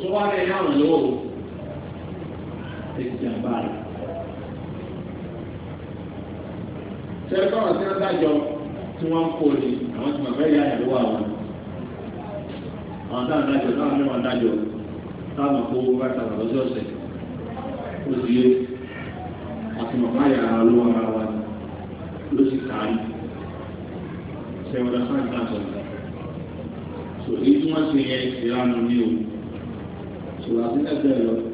tó wá rẹ̀ ṣe ìjàmbá rẹ̀. sẹ́kọ̀ tí wọ́n dájọ́ tí wọ́n ń kó ni àwọn tí màmá ìyá ìlú wà wọn. àwọn táwọn dájọ́ táwọn mẹ́wàá dájọ́ táwọn kó owó bá tàbí lọ́sọ̀ọ̀sẹ̀ ó sì yé àti màmá ìyá ló wà ara wa ló sì kàáyì. sẹ́wọ́n dá sáà ń dá sọ̀rọ̀. sòrí tí wọ́n ṣe yẹ ìlànà ní o sòrí àti ẹgbẹ́ lọ.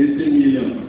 esse milhão é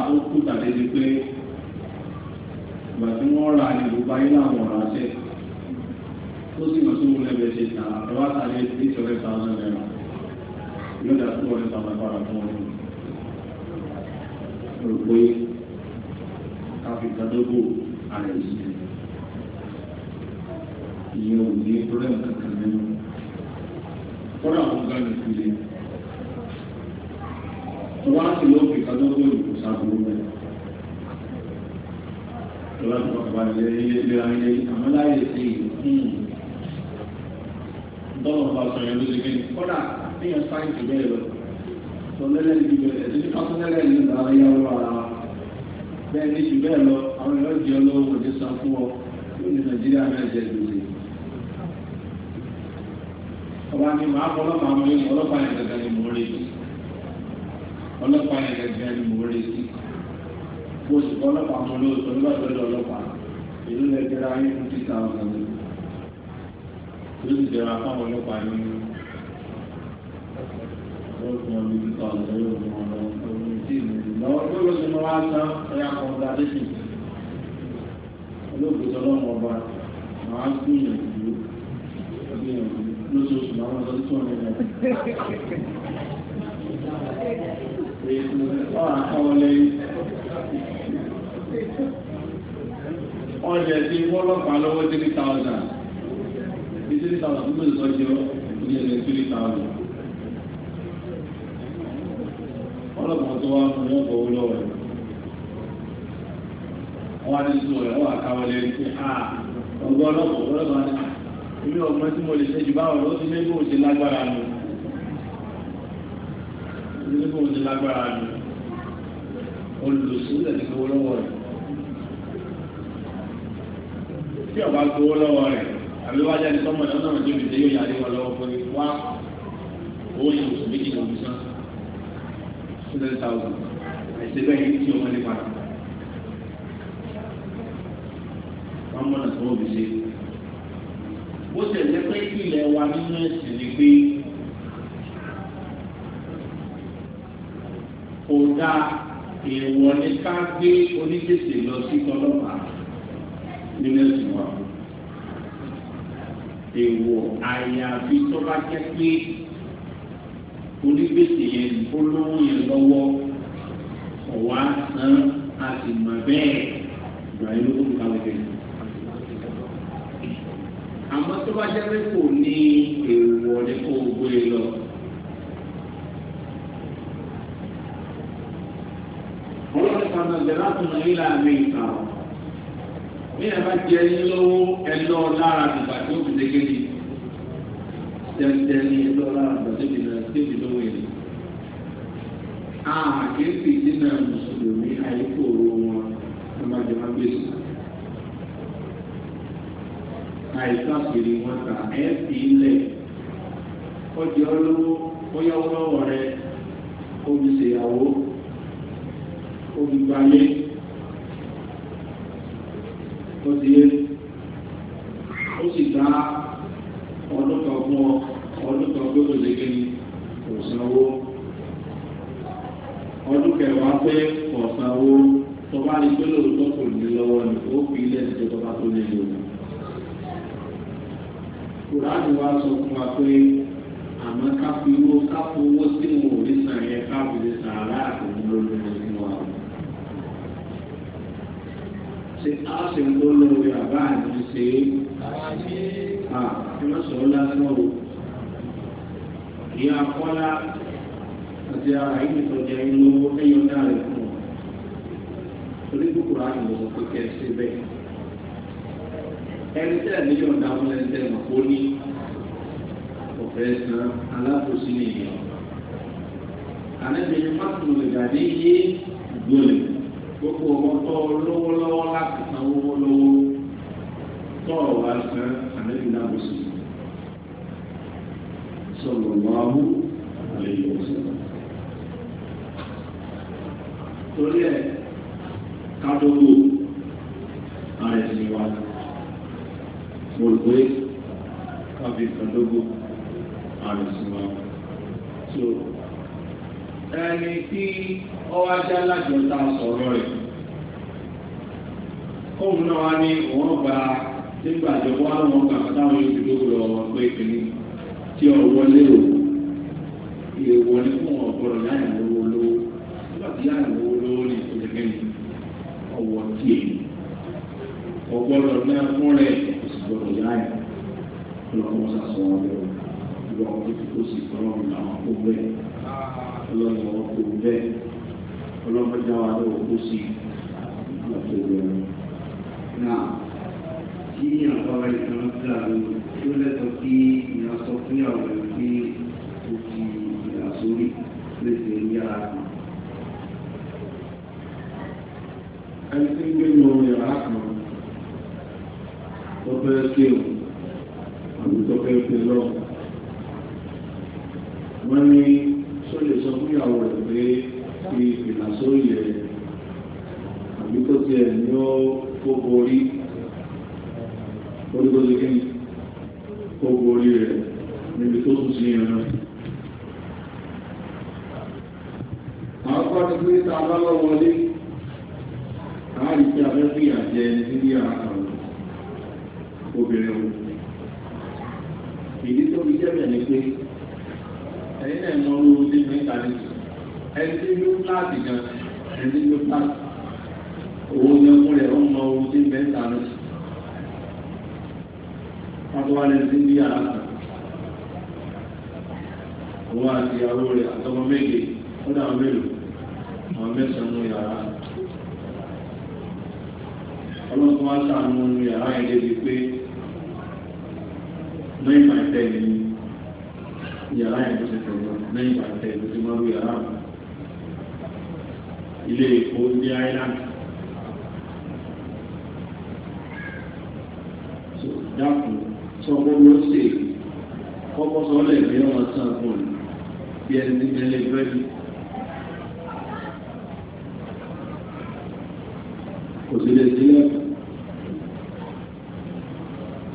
ó kú tàbí di pé ìgbà tí wọ́n ra ìlúpa yín láwọn ọ̀rọ̀ àṣẹ ó sì mọ̀ sí wọn lẹ́bẹ̀ ṣe tà ẹ wá tà ní eight hundred thousand naira yóò dá two hundred thousand padà fún wọn. rò pé káfíńtà tó kù àrẹ yìí ìyẹn ò ní problem kankan nínú. kọ́dà wọn gbà ìpínlẹ̀. ìlera ilé àmọ́ láyé sí dọ́lọ̀ hmm. bá sọ yẹn lóṣù kẹ́ni kọ́dà níyàn sáyẹ̀tì bẹ́ẹ̀ lọ sọ lẹ́lẹ́ni bí bẹ́ẹ̀ ẹ̀sìn tí pásítẹ́lẹ̀ ní ìgbà ayáwó ara wa bẹ́ẹ̀ ní jù bẹ́ẹ̀ lọ àwọn èèyàn jẹ́ olówó òde san fún ọ yóò ní nàìjíríà náà jẹ gbèsè. ọba ni màá fọ ọlọ́pàá mú yín ọlọ́pàá yẹn gẹ́gẹ́ ni mò ń retí ọlọ́pàá yẹn gẹ́gẹ́ ni mò ń retí mo sì fọ èyí lè jẹ́ra ní fifty thousand yóò sì jẹ́ra fáwọn ọlọ́pàá ní ọlọ́pàá ní fifty thousand yóò fún wọn lọ ọdún tí ìlú lọ́wọ́ tó ló ṣe mọ́ wá sá ẹ̀yà kọ́ńtàdéṣì olóògbé ọlọ́mọ ọba máa ń gbìyànjú gbìyànjú lóṣooṣù máa ń lọ sí tún ọ̀rẹ́ rẹ̀. èyí tó wọ́n jẹ́ sí wọ́lọ́pàá lọ́wọ́ 3,000 ní 3,000 fún ìsọ́jọ́ ní 3,000 ọlọ́pàá tó wá fún wọn lọ́wọ́ wọ́n á ní sọ ẹ̀ wọ́n àkáwọlé ẹ̀ sí à ní ilé ọgbọ́n tí mo lè ṣe jù lágbára mi lẹ́ni rẹ̀ tí ọba gbowó lọ́wọ́ rẹ̀ àbí wájú ẹni tọ́mọ̀ náà náà débi tẹ́ yóò yàrá wọn lọ́wọ́ pé wá owó yẹn oṣù méjì lòún sàn two hundred thousand àìsè bẹ́ẹ̀ yìí tí ọmọ nípa wọn mọ̀ náà tó o fi ṣe. bó tẹ̀lé pé ilẹ̀ wa nínú ẹ̀sìn ni pé kò dáa èèwọ̀ ni ká gbé onígbèsè lọ sí tọ́lọ́pàá nínú ẹ̀sìn wa èèwọ̀ àyàfi tó bá jẹ́ pé onígbèsè yẹn olówó yẹn lọ́wọ́ ọ̀wá san a sì mọ̀ bẹ́ẹ̀ ìgbà yẹn ló tó ká lọ́wọ́ yẹn. àmọ́ tó bá jẹ́ pé kò ní èèwọ̀ ní kó o gbé e lọ. ọlọ́run kan náà bẹ̀rẹ̀ láti mọ ilé àmì ìta bí ẹ bá jẹ yín lọ́wọ́ ẹlọ́ lára nígbà tí ó fi dégé ni jẹjẹ ní ẹlọ́ lára nígbà tí ó fi náà tí ó fi lọ́wọ́ yẹn. àwọn àkéèké dínà mùsùlùmí àyíkòrò wọn ẹ má jẹ máa gbèsè. àìsàn àpèrè wọn kà ẹ ilẹ̀ ọjọ́ lọ́wọ́ ó yáwó lọ́wọ́ rẹ omi wọn. so ẹni tí ọwọ́ ajá láti ọ̀tá sọ̀rọ̀ rẹ̀ kóun náà wá ní òun gba nígbà tó wá lọ́wọ́ gbà táwọn yóò fi dókòó lọ́wọ́ pé kìíní tí ọ wọlé o ilé wọlé fún ọ̀gbọ́dọ̀ láì lówó lówó nígbà tí láì lówó lówó ní ìpínlẹ̀ kẹ́ni ọwọ́ tiẹ̀ ọ̀gbọ́dọ̀ náà fún rẹ̀ òsì gbọ́dọ̀ láì lọ́wọ́ sàṣọ ọ̀gbẹ́ tó sì tọ́lọ́mù làwọn kó bẹ́ẹ̀ ọlọ́run wọn kó bẹ́ẹ̀ ọlọ́run já wa lọ́wọ́ kó sí ọ̀tọ̀ rẹ̀ náà kí àpárá ìtàn dáa lórí.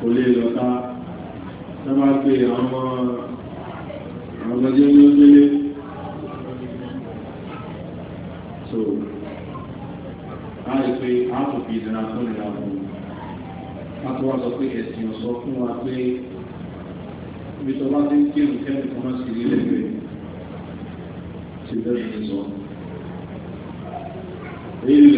kò lè lọ́ta lọ́mà pé àwọn ọmọdé ní ojúlé so a lè pé a kò fi ìdíra tó nìra fún un a tó wá sọ pé ẹ̀sìn ọ̀sọ́ fún wa pé ibi tó bá ti ń kírun kẹ́rù kan máa sì rí lẹ́gbẹ̀ẹ́ ti bẹ́ẹ̀ sọ. Èyí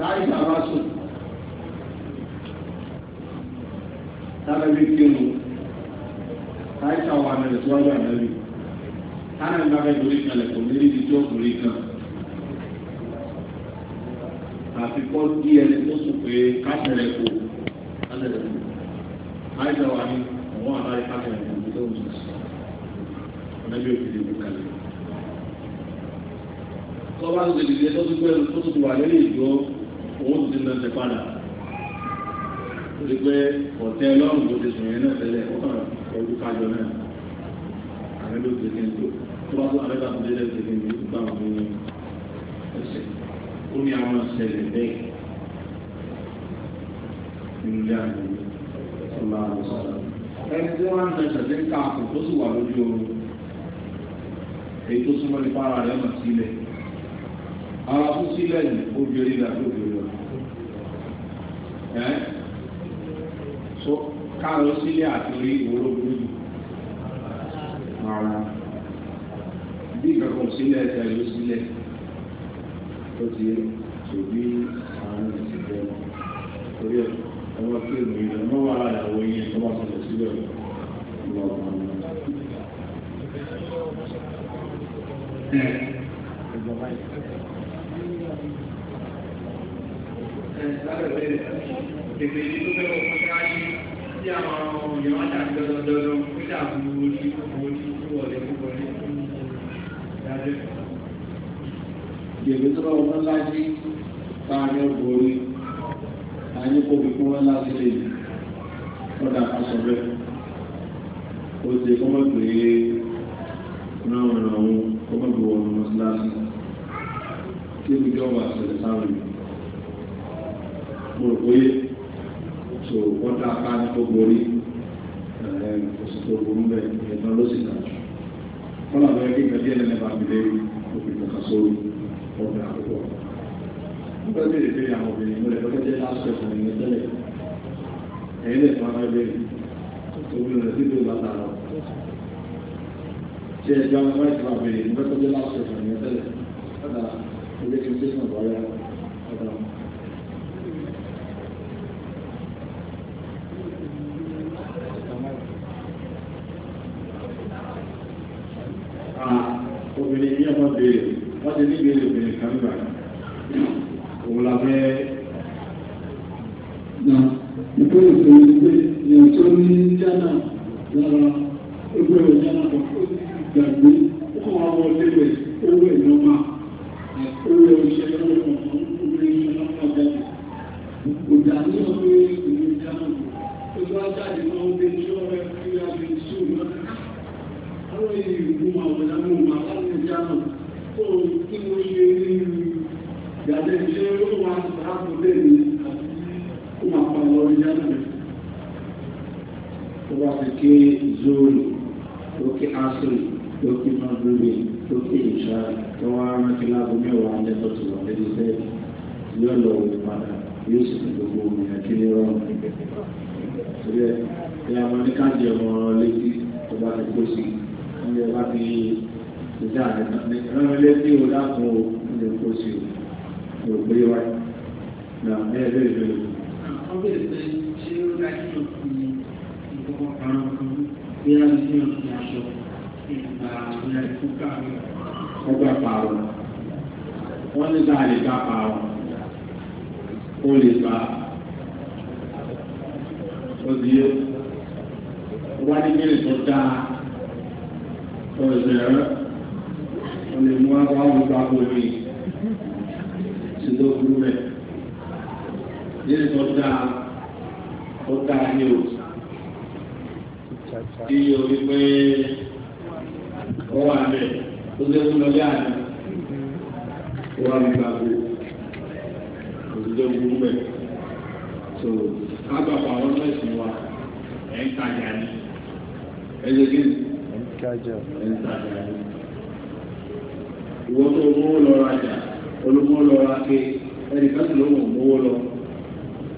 láì sára sùn lábẹ́ bí kéwù láì sáwọ́ àmẹ́lẹ̀ tó wájú àmẹ́lẹ̀ táwọn ẹ̀dá bẹ́ẹ̀ lórí kalẹ̀ kò ní ibi tó kùn rí kan àfikọ́ dí ẹni tó sùn pé kásẹ̀rẹ̀ kò kásẹ̀rẹ̀ kò láì sáwọ́ àmì ọ̀wọ́n àbáyé kásẹ̀rẹ̀ kò ní tó ń sùn sí ọ̀nẹ́bí òkèlè ìlú kalẹ̀ tọ́wọ́ àti òkèlè tó ti gbẹ́rù tó ti wà lórí ìgbọ́ owó tuntun náà ti padà ó ti pé ọ̀tẹ́ lọ́rùn tó ti sùn yẹn náà tẹ́lẹ̀ ó kàn ẹ̀rú kájọ náà àmì ló ti kéde tó tó bá tó àmì bá tó délé ti kéde tó bá wọn ní ẹsẹ̀ ó ní àwọn ṣẹlẹ̀ bẹ́ẹ̀ nínú ilé àná ọlá àlùsọ̀rọ̀ ẹni tí wọ́n ń tẹ̀sẹ̀ sí ká àpò tó sì wà lójú oorun èyí tó súnmọ́ nípa ara rẹ̀ mọ̀ sílẹ̀ ara tó sílẹ̀ yìí ó bí orí ìdájọ́ òbí so káàlù sílé àti orí ìwòrò burúkú ara bí ìkankan sílé ẹsẹ̀ ló sílé ó ti tòbí àwọn ìsìnkú orí ọmọ tí èmi ìlú ọmọ wà láyàwó yẹn tó bá sọ̀rọ̀ sílẹ̀ ọmọ ọmọ ọmọ. Thank you tètè ní tó fẹ́ wọ́n fún ayé tí àwọn èèyàn wájà dọ́dọ́dọ́dọ́ ó dàbí orí orí wọlé wọlé dáadé. Yèmí tó lọ́wọ́ fún láti káàní ọ̀gbọ̀n orí àní kò fi kún wọn láti lè kọ́dà kan sọ bẹ́ẹ̀. Ó ti kọ́mọ̀ pé ṣe ẹjọ́ ọmọ ìtura bẹ̀rẹ̀ ìgbẹ́kọ̀ọ́jọ́ láti ṣẹ̀fọ̀ ìyẹn tẹ́lẹ̀ ọ̀dà ilé tuntun náà wáyà ọ̀dà.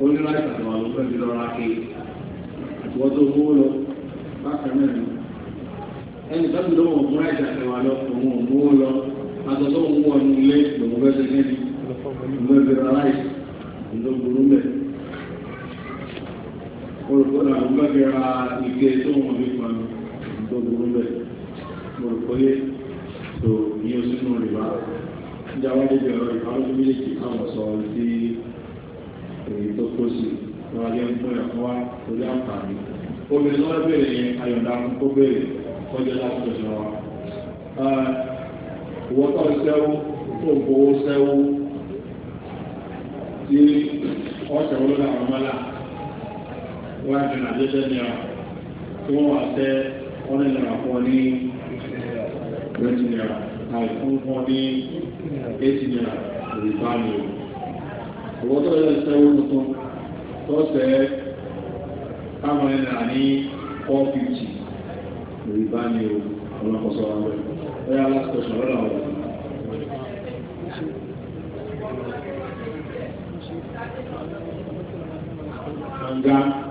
onírọ̀ ìtàwọn àwọn ọ̀gbẹ́ mi ni ẹnì kan tó wọ̀ fún ẹ̀jẹ̀ àtẹwà lọ òun ò mú lọ aṣọ tó ń wọ̀ ní ilé lòun fẹ́ ṣe kéde lòun fẹ́ ra láì ló burú mẹ́. olùkọ́ náà ló fẹ́ ra ike tó wọ̀ ní kan ló burú mẹ́. olùkọ́ yẹ tó ní oṣù èyí tó kó sí lọ́wọ́ jẹ́ fún ẹ̀kọ́ wá lórí àǹfààní obìnrin lọ́wọ́ bèèrè yẹn ayọ̀dá fún kó bèèrè kọjá láti tọ̀sọ̀ wa ìwọ́tọ̀ sẹ́wó tó gbowó sẹ́wó tí ọ̀sẹ̀ wọ́n lọ́la àwọn wọ́n á fi nàìjíríà ní ọ tí wọ́n wà sẹ́ wọ́n lè lọ́la fún ọ ní twenty naira àìfún fún ọ ní eighty naira òrìbá ni o owó tó lọ sí owó tuntun tó sẹ káwọn ẹni rà ní four fifty lórí bá ní o ọlọ́kọ̀ọ́sọ wa wẹ̀ ẹ̀ ẹ́ last question lọ́dọ̀ àwọn ọ̀dọ́.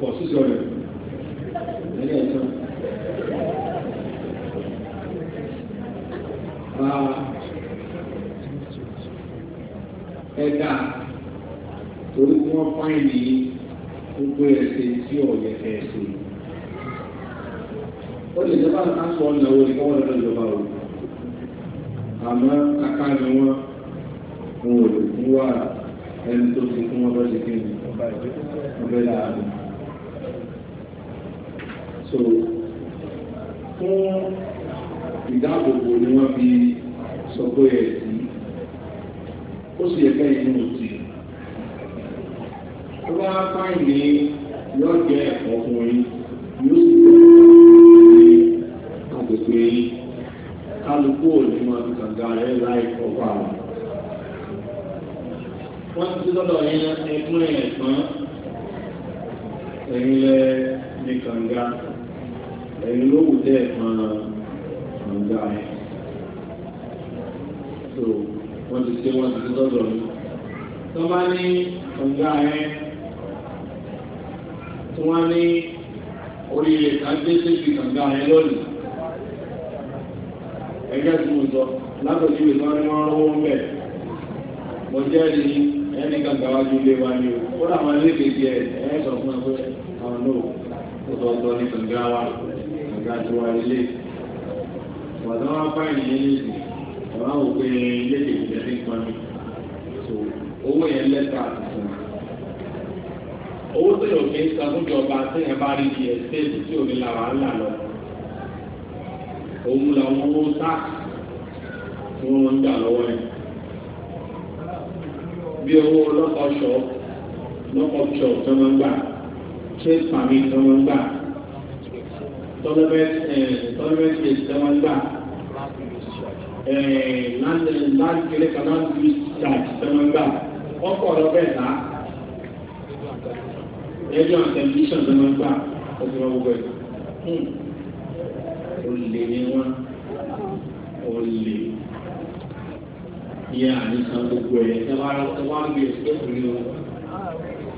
pọ̀ ah, Ẹ̀ka torí wọ́n fáìlì gbogbo ẹ̀sẹ̀ tí ọ̀yẹ̀kẹ̀ ẹ̀sẹ̀ ó lè jẹ́ bá a sọ ọ̀nà owó ìkọ́wọ́ lọ́dọ̀ ìjọba o àmọ́ kàkà ni wọ́n ń wò lè fún wa ẹni tó ti fún wọn lọ́sí kí ni ọbẹ̀ láàrin. so fún ìdáàbòbò ni wọ́n fi láti kéré kan náà ti ṣàtì tẹ́mọ́gbà ọkọ̀ ọ̀rọ̀ bẹ́ẹ̀ ta ẹjọ́ àtẹ̀lẹ́sàn tẹ́mọ́gbà ọdún ọgbẹ́ olè ni wọ́n olè yẹ àníkan gbogbo ẹ̀ ẹ wá gbé ẹsẹ̀ kúrò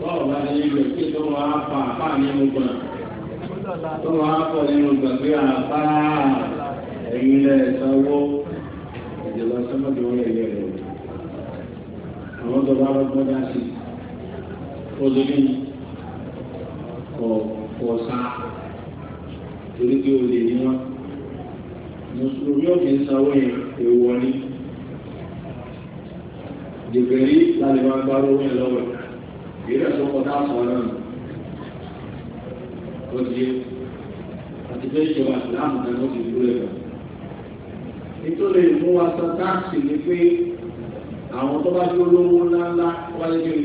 báwo bá ní ilé tí tó wá pa apá nínú gbà tó wá pọ̀ nínú gbàgbé àpá ẹ̀yìn lẹ̀ sanwó mọ́jọ orí ẹ̀yẹ rẹ̀ àwọn tó bá rọ́gbọ́n dá sí olórí ọ̀sá torí pé olè ní wọn mùsùlùmí òkè sanwó yẹn èèwọ̀ ni dèbèrè láti máa gbá owó yẹn lọ́wọ́ ìrẹ́ tó kọ́ tá a sọ náà ó ti àti pé ìjọba ìlànà náà ó ti dúró ẹ̀kọ́ nítorí mú wa san táàsì ni pé àwọn tó bá jẹ́ olówó ńláńlá wáyé pé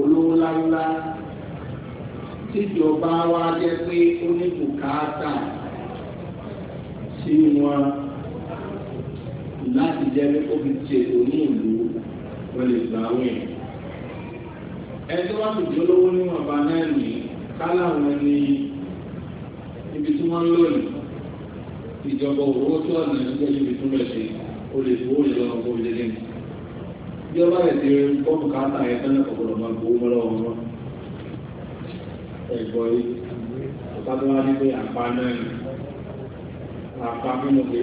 olówó ńláńlá tíjọba wa jẹ́ pé ó ní bùkátà sí wọn láti jẹ́ pé ó fi ṣètò ní ìlú wọ́n lè gbà wẹ̀. ẹjọ́ wá olówó níwọ̀nba náà nìyí káláwọn ẹni ibi tí wọ́n ń lò nìyí ìjọba owó tó wà ní ẹgbẹ́ yìí tún bẹ̀ ṣe o lè fowó lè lọ́wọ́ owó ilé lẹ́nu. bí ọba rẹ̀ ti rí pọ́ọ̀mù káàtà yẹn tán ọ̀gbọ̀dọ̀ máa gbowó mọ́ lọ́wọ́ wọn. ẹ̀gbọ́ yìí ọba tó wá ní pé àpá náà ni àpá mímu pé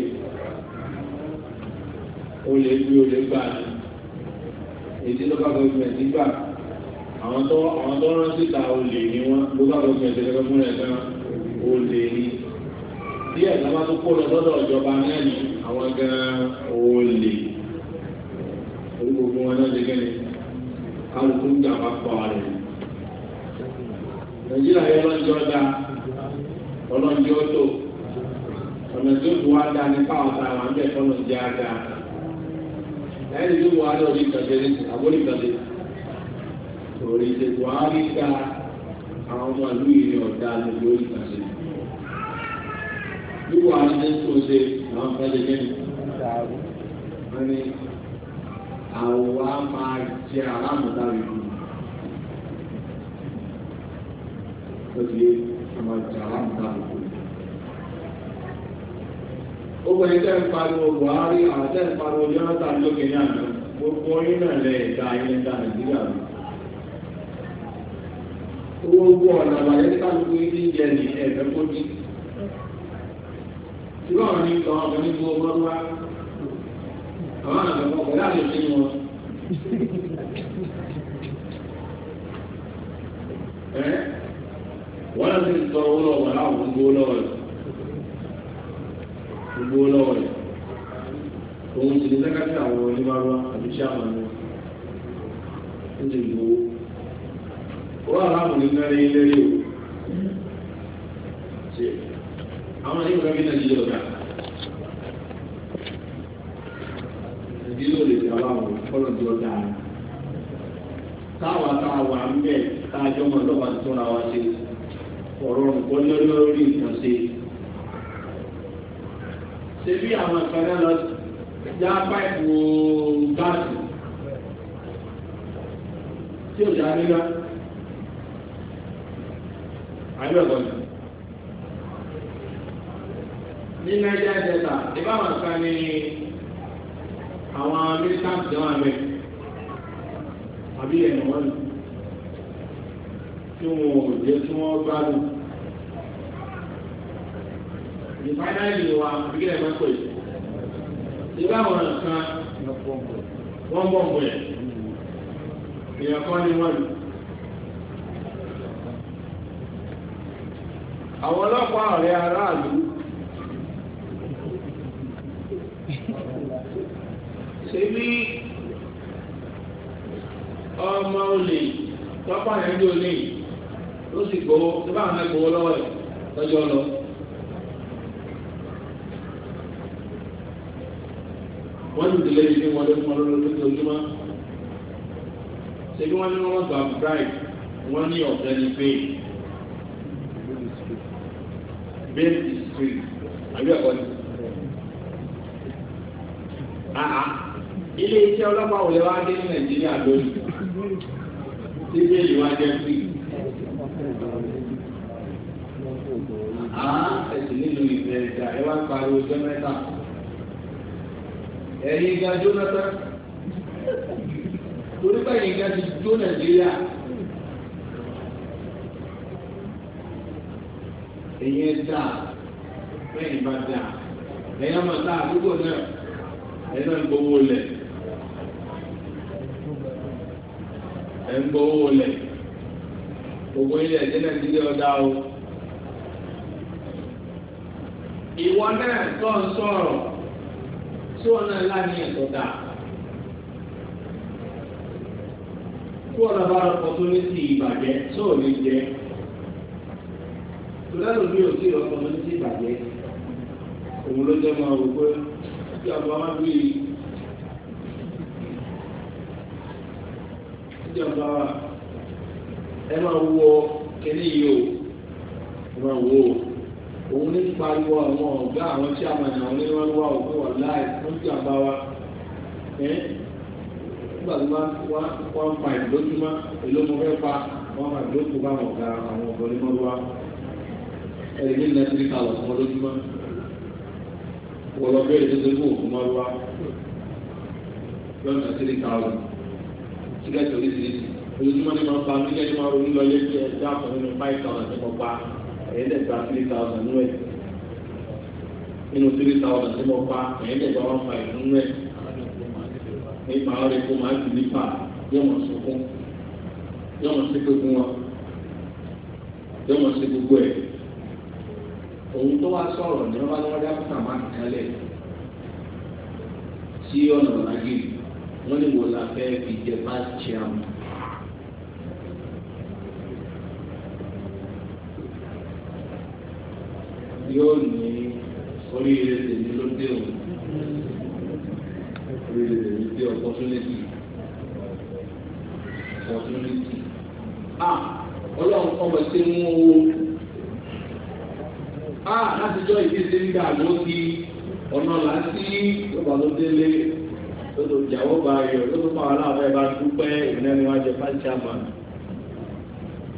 o lè gbé o lè gbà ní. èdè lọ́ba gọ́ọ̀mẹ̀ntì nígbà àwọn tó rántí ta olè ní wọn lọ́ba gọ́ọ̀mẹ̀ntì lọ́ba fúnra ẹ̀ bí ẹ̀dá bá tó kó lọ lọ́dọ̀ ìjọba náà ni àwọn gan olè orí gbogbo wọn náà jẹ́gẹ́ ni kálukú ń jàmbá pọ̀ rẹ̀. nàìjíríà yẹ lọ́jọ́ da ọlọ́jọ́ tó ọ̀nà tó tó wá dá ní káwọn tá àwọn abẹ́ tọ́nà jẹ́ àga. ẹni tó wá lọ ní ìtàgé ní àbórí ìtàgé torí ìṣètò àárín ká àwọn ọmọ ìlú yìí ọ̀dà lórí ìtàgé wíwà ní tó ṣe àwọn fẹ́lẹ̀ gẹ́nu. wọ́n ní àwa máa jẹ aláàmúta rẹ̀ kù. ó ti yé a máa jẹ aláàmúta rẹ̀ kù. ó bẹ̀rẹ̀ tẹ́ ń pariwo buhari àwọn tẹ́ ń pariwo jonathan lókè ní àná gbogbo yín náà lẹ̀ ẹ̀ka ilẹ̀ ìgbà wọn ni ní ọ̀gbẹ́ni gbọ́ ọgbọ́n wá àwọn àgbẹ̀kọ̀ pẹ̀lú àlè ṣe wọn. wọ́n lọ sí ìtọ́ owó lọ́wọ́ láwọn gbogbo lọ́wọ́ rẹ̀ gbogbo lọ́wọ́ rẹ̀ òun sì ní sẹ́kátì àwọn oníbàárà àti àwọn ìgbà bí nàìjíríà ọ̀gá nàìjíríà ò lè fi àwọn àwọn fọlọ̀ tí ó dáa táwa táwa ń bẹ̀ táàjọ́ mọ̀ lọ́wọ́ àti tóra wa ṣe ọ̀rọ̀ nǹkan lọ́dún lórí nǹkan ṣe. ṣé bí àwọn ìpínlẹ̀ lọ já páìpù gáàsì tí ò já nígbà? àbí ọ̀gọ́dọ̀ ní nàìjíríà jẹta ìbáwọn kan ní àwọn militant jẹun àmì àbí ẹ̀nà wọn tí wọn ò jẹ́ tí wọ́n gbádùn ìfáìnáìlì wa àbíkẹ́ ẹ̀fẹ́ pè ìbáwọn kan wọ́n bọ̀ bọ̀ ẹ̀ èèyàn kan ní wọ́n lù. àwọn ọlọ́pàá ọ̀rẹ́ aráàlú ṣebí ọmọ olè tọ́pọ̀ yẹn ní olè ó sì gbowó tó bá wọn gbowó lọ́wọ́ ẹ̀ lọ́jọ́ lọ. wọ́n ti dìlé yìí ní wọlé fún ọlọ́run tó tó ojúmọ́ ṣebí wọ́n ní wọ́n gbà bribe wọ́n ní ọ̀fẹ́ ní pé bẹ́ẹ̀ ti sùn àbí ẹ̀kọ́ ni. Ah, ah. ilé iṣẹ́ ọlọ́pàá òlẹ wá dé ní nàìjíríà lónìí tí bẹ́ẹ̀lì wá jẹ́ sí. àwọn ah, ẹ̀sìn nílùú ìfẹ́ ìjà ẹ wá pariwo jẹ́ mẹ́ta ẹ̀yin ga jónátà torí báyìí ga ti jó nàìjíríà. èyí ẹ bẹ́ẹ̀ ni bá dáa ẹ̀yin ọmọ táà àdúgbò náà ẹ̀yin náà ń gbowó lẹ̀ ẹ̀ ń gbowó lẹ̀ gbogbo ilẹ̀ ẹ̀jẹ̀ nàìjíríà ọ̀dà o. ìwọ náà tó ń sọ̀rọ̀ tí wọn náà láàyè ẹ̀tọ́ dà. tí wọn náà bá rọ opportunity ìbàjẹ́ sóò lè jẹ́ tòlẹ́rù mi ò sí opportunity ìbàjẹ́ òun ló jẹ́ máa rò tí àgbà máa gbé ìjọba ẹ máa wọ kẹ́lí yìí o ẹ máa wọ o òun ní pariwo àwọn ọ̀gá àwọn tí a máa nà wọn nínú wá o pé wà láì fún ìjàmbá wa ẹ nígbà tí wọ́n wọ́n pa ìlójúmọ́ èló mo fẹ́ pa wọ́n máa dókòó bá àwọn ọ̀gá àwọn ọ̀gá onímọ̀ wá ẹ̀rí ní nàìjíríà lọ́sọ̀rọ̀ lójúmọ́ wọ́n lọ bẹ́ẹ̀ tó ṣe kó òkú máa wá lọ́nà three thousand tíkẹ́tì oríṣiríṣi ojoojúmọ́ ní máa ń pa tíkẹ́tì máa ronú lọ lẹ́sí ẹ̀dá kan nínú five thousand tí mo pa ẹ̀ẹ́dẹ̀gba three thousand nínú ẹ̀ nínú three thousand tí mo pa ẹ̀ẹ́dẹ̀gba one five nínú ẹ̀ ní màá rẹ̀ kó màá sì nípa yọ̀mọ̀ sunkún yọ̀mọ̀ sí gbogbo wọn yọ̀mọ̀ sí gbogbo ẹ̀ òun tó wá sọ̀rọ̀ ní ọba lọ́wọ́ dákútà máa ń kalẹ̀ sí ọ̀nà ọ̀làgìrì wọ́n ní wò la fẹ́ fi jẹ bá chairman. yóò ní oríire tèmi ló dé o oríire tèmi dé opportunity opportunity ah ọlọ́run kọ́ mọ̀ sí mú owó a láti jọ ìdíje nígbà ló ti ọ̀nà láti lọ́ba ló délé tó tó jàwọ́ bá yọ tó tó pàwọn aláàbẹ̀ bá dúpẹ́ ìrìnàmì wájú pàṣẹmà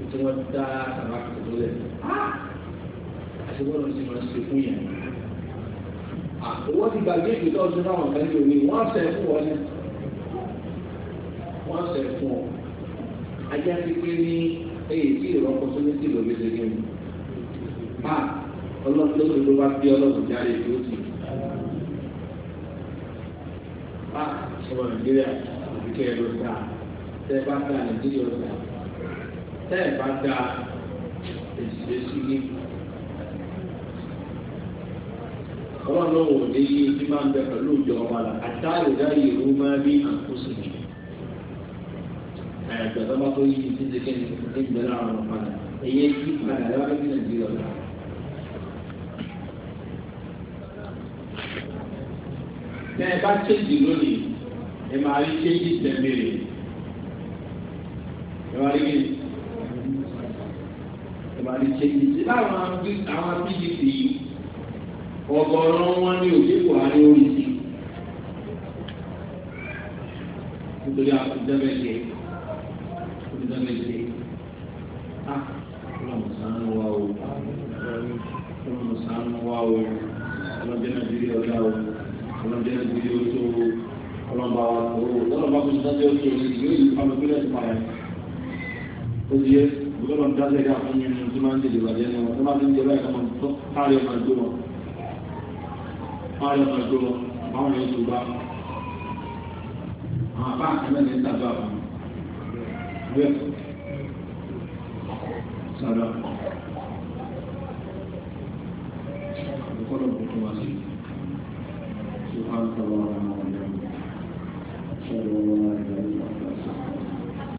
tí wọ́n dá àwọn akẹ́kọ̀ọ́ lẹ̀ àti wọ́n lọ sí wọn ṣe fún yẹn. àtọwọ́ ti gbàgbé ìgbésẹ̀ ọdún náà wọn kẹ́lẹ́ òní wọ́n sẹ̀ fún wọn ní wọ́n sẹ̀ fún ọ. ajá ti pé ní èyí tí ìrọ́pọ̀ tó ní sí ìlú ní ọ̀gbẹ́ ọlọ́run lẹ́yìn tó bá gbé ọlọ́run jáde yóò sì bá ọmọ nàìjíríà òbíkẹ́ ẹ̀rọ dá tẹ́ ẹ bá dá nàìjíríà ọ̀dà tẹ́ ẹ bá dá èsìlẹ́sì ní. ọlọ́run náà wò ní iye tí máa ń bẹ pẹ̀lú ìjọ ọmọ rẹ̀ àtàrò dáyé ìlú máa bí àkóso jù. àyàgbẹ́ bá tó yí ti ti ṣe kí ni ìgbẹ́lá ọ̀rọ̀ padà èyí ti padà lọ́wọ́ bí nàìjíríà ọ̀dà. tẹ ẹ bá chéjì lónìí ẹ máa rí chéjì tẹ̀mẹ̀rẹ̀ ẹ máa rí kí ẹ máa rí chéjì sí láwọn àwọn pdp ọgọrùn wọn ní òye buhari orí sí nítorí àkùdẹ́mẹ̀lẹ́ àkùdẹ́mẹ̀lẹ́ ah ọlọ́mọ̀sán wá o ọlọ́mọ̀sán wá o. oye gbọ́dọ̀ dáṣẹ́ ká fún mi tó máa ń tètè bàjẹ́ ní wọn tó máa ń jẹ báyìí kọ́mọ tó káàrí ọmọ ìgbó wọn káàrí ọmọ ìgbó wọn báwọn yóò tó bá àwọn àbá àkẹ́mẹ́ ní ìtàgbà wọn wíwẹ́ sára ìkọlọ̀ tó wá sí ṣùgbọ́n tó wà wọn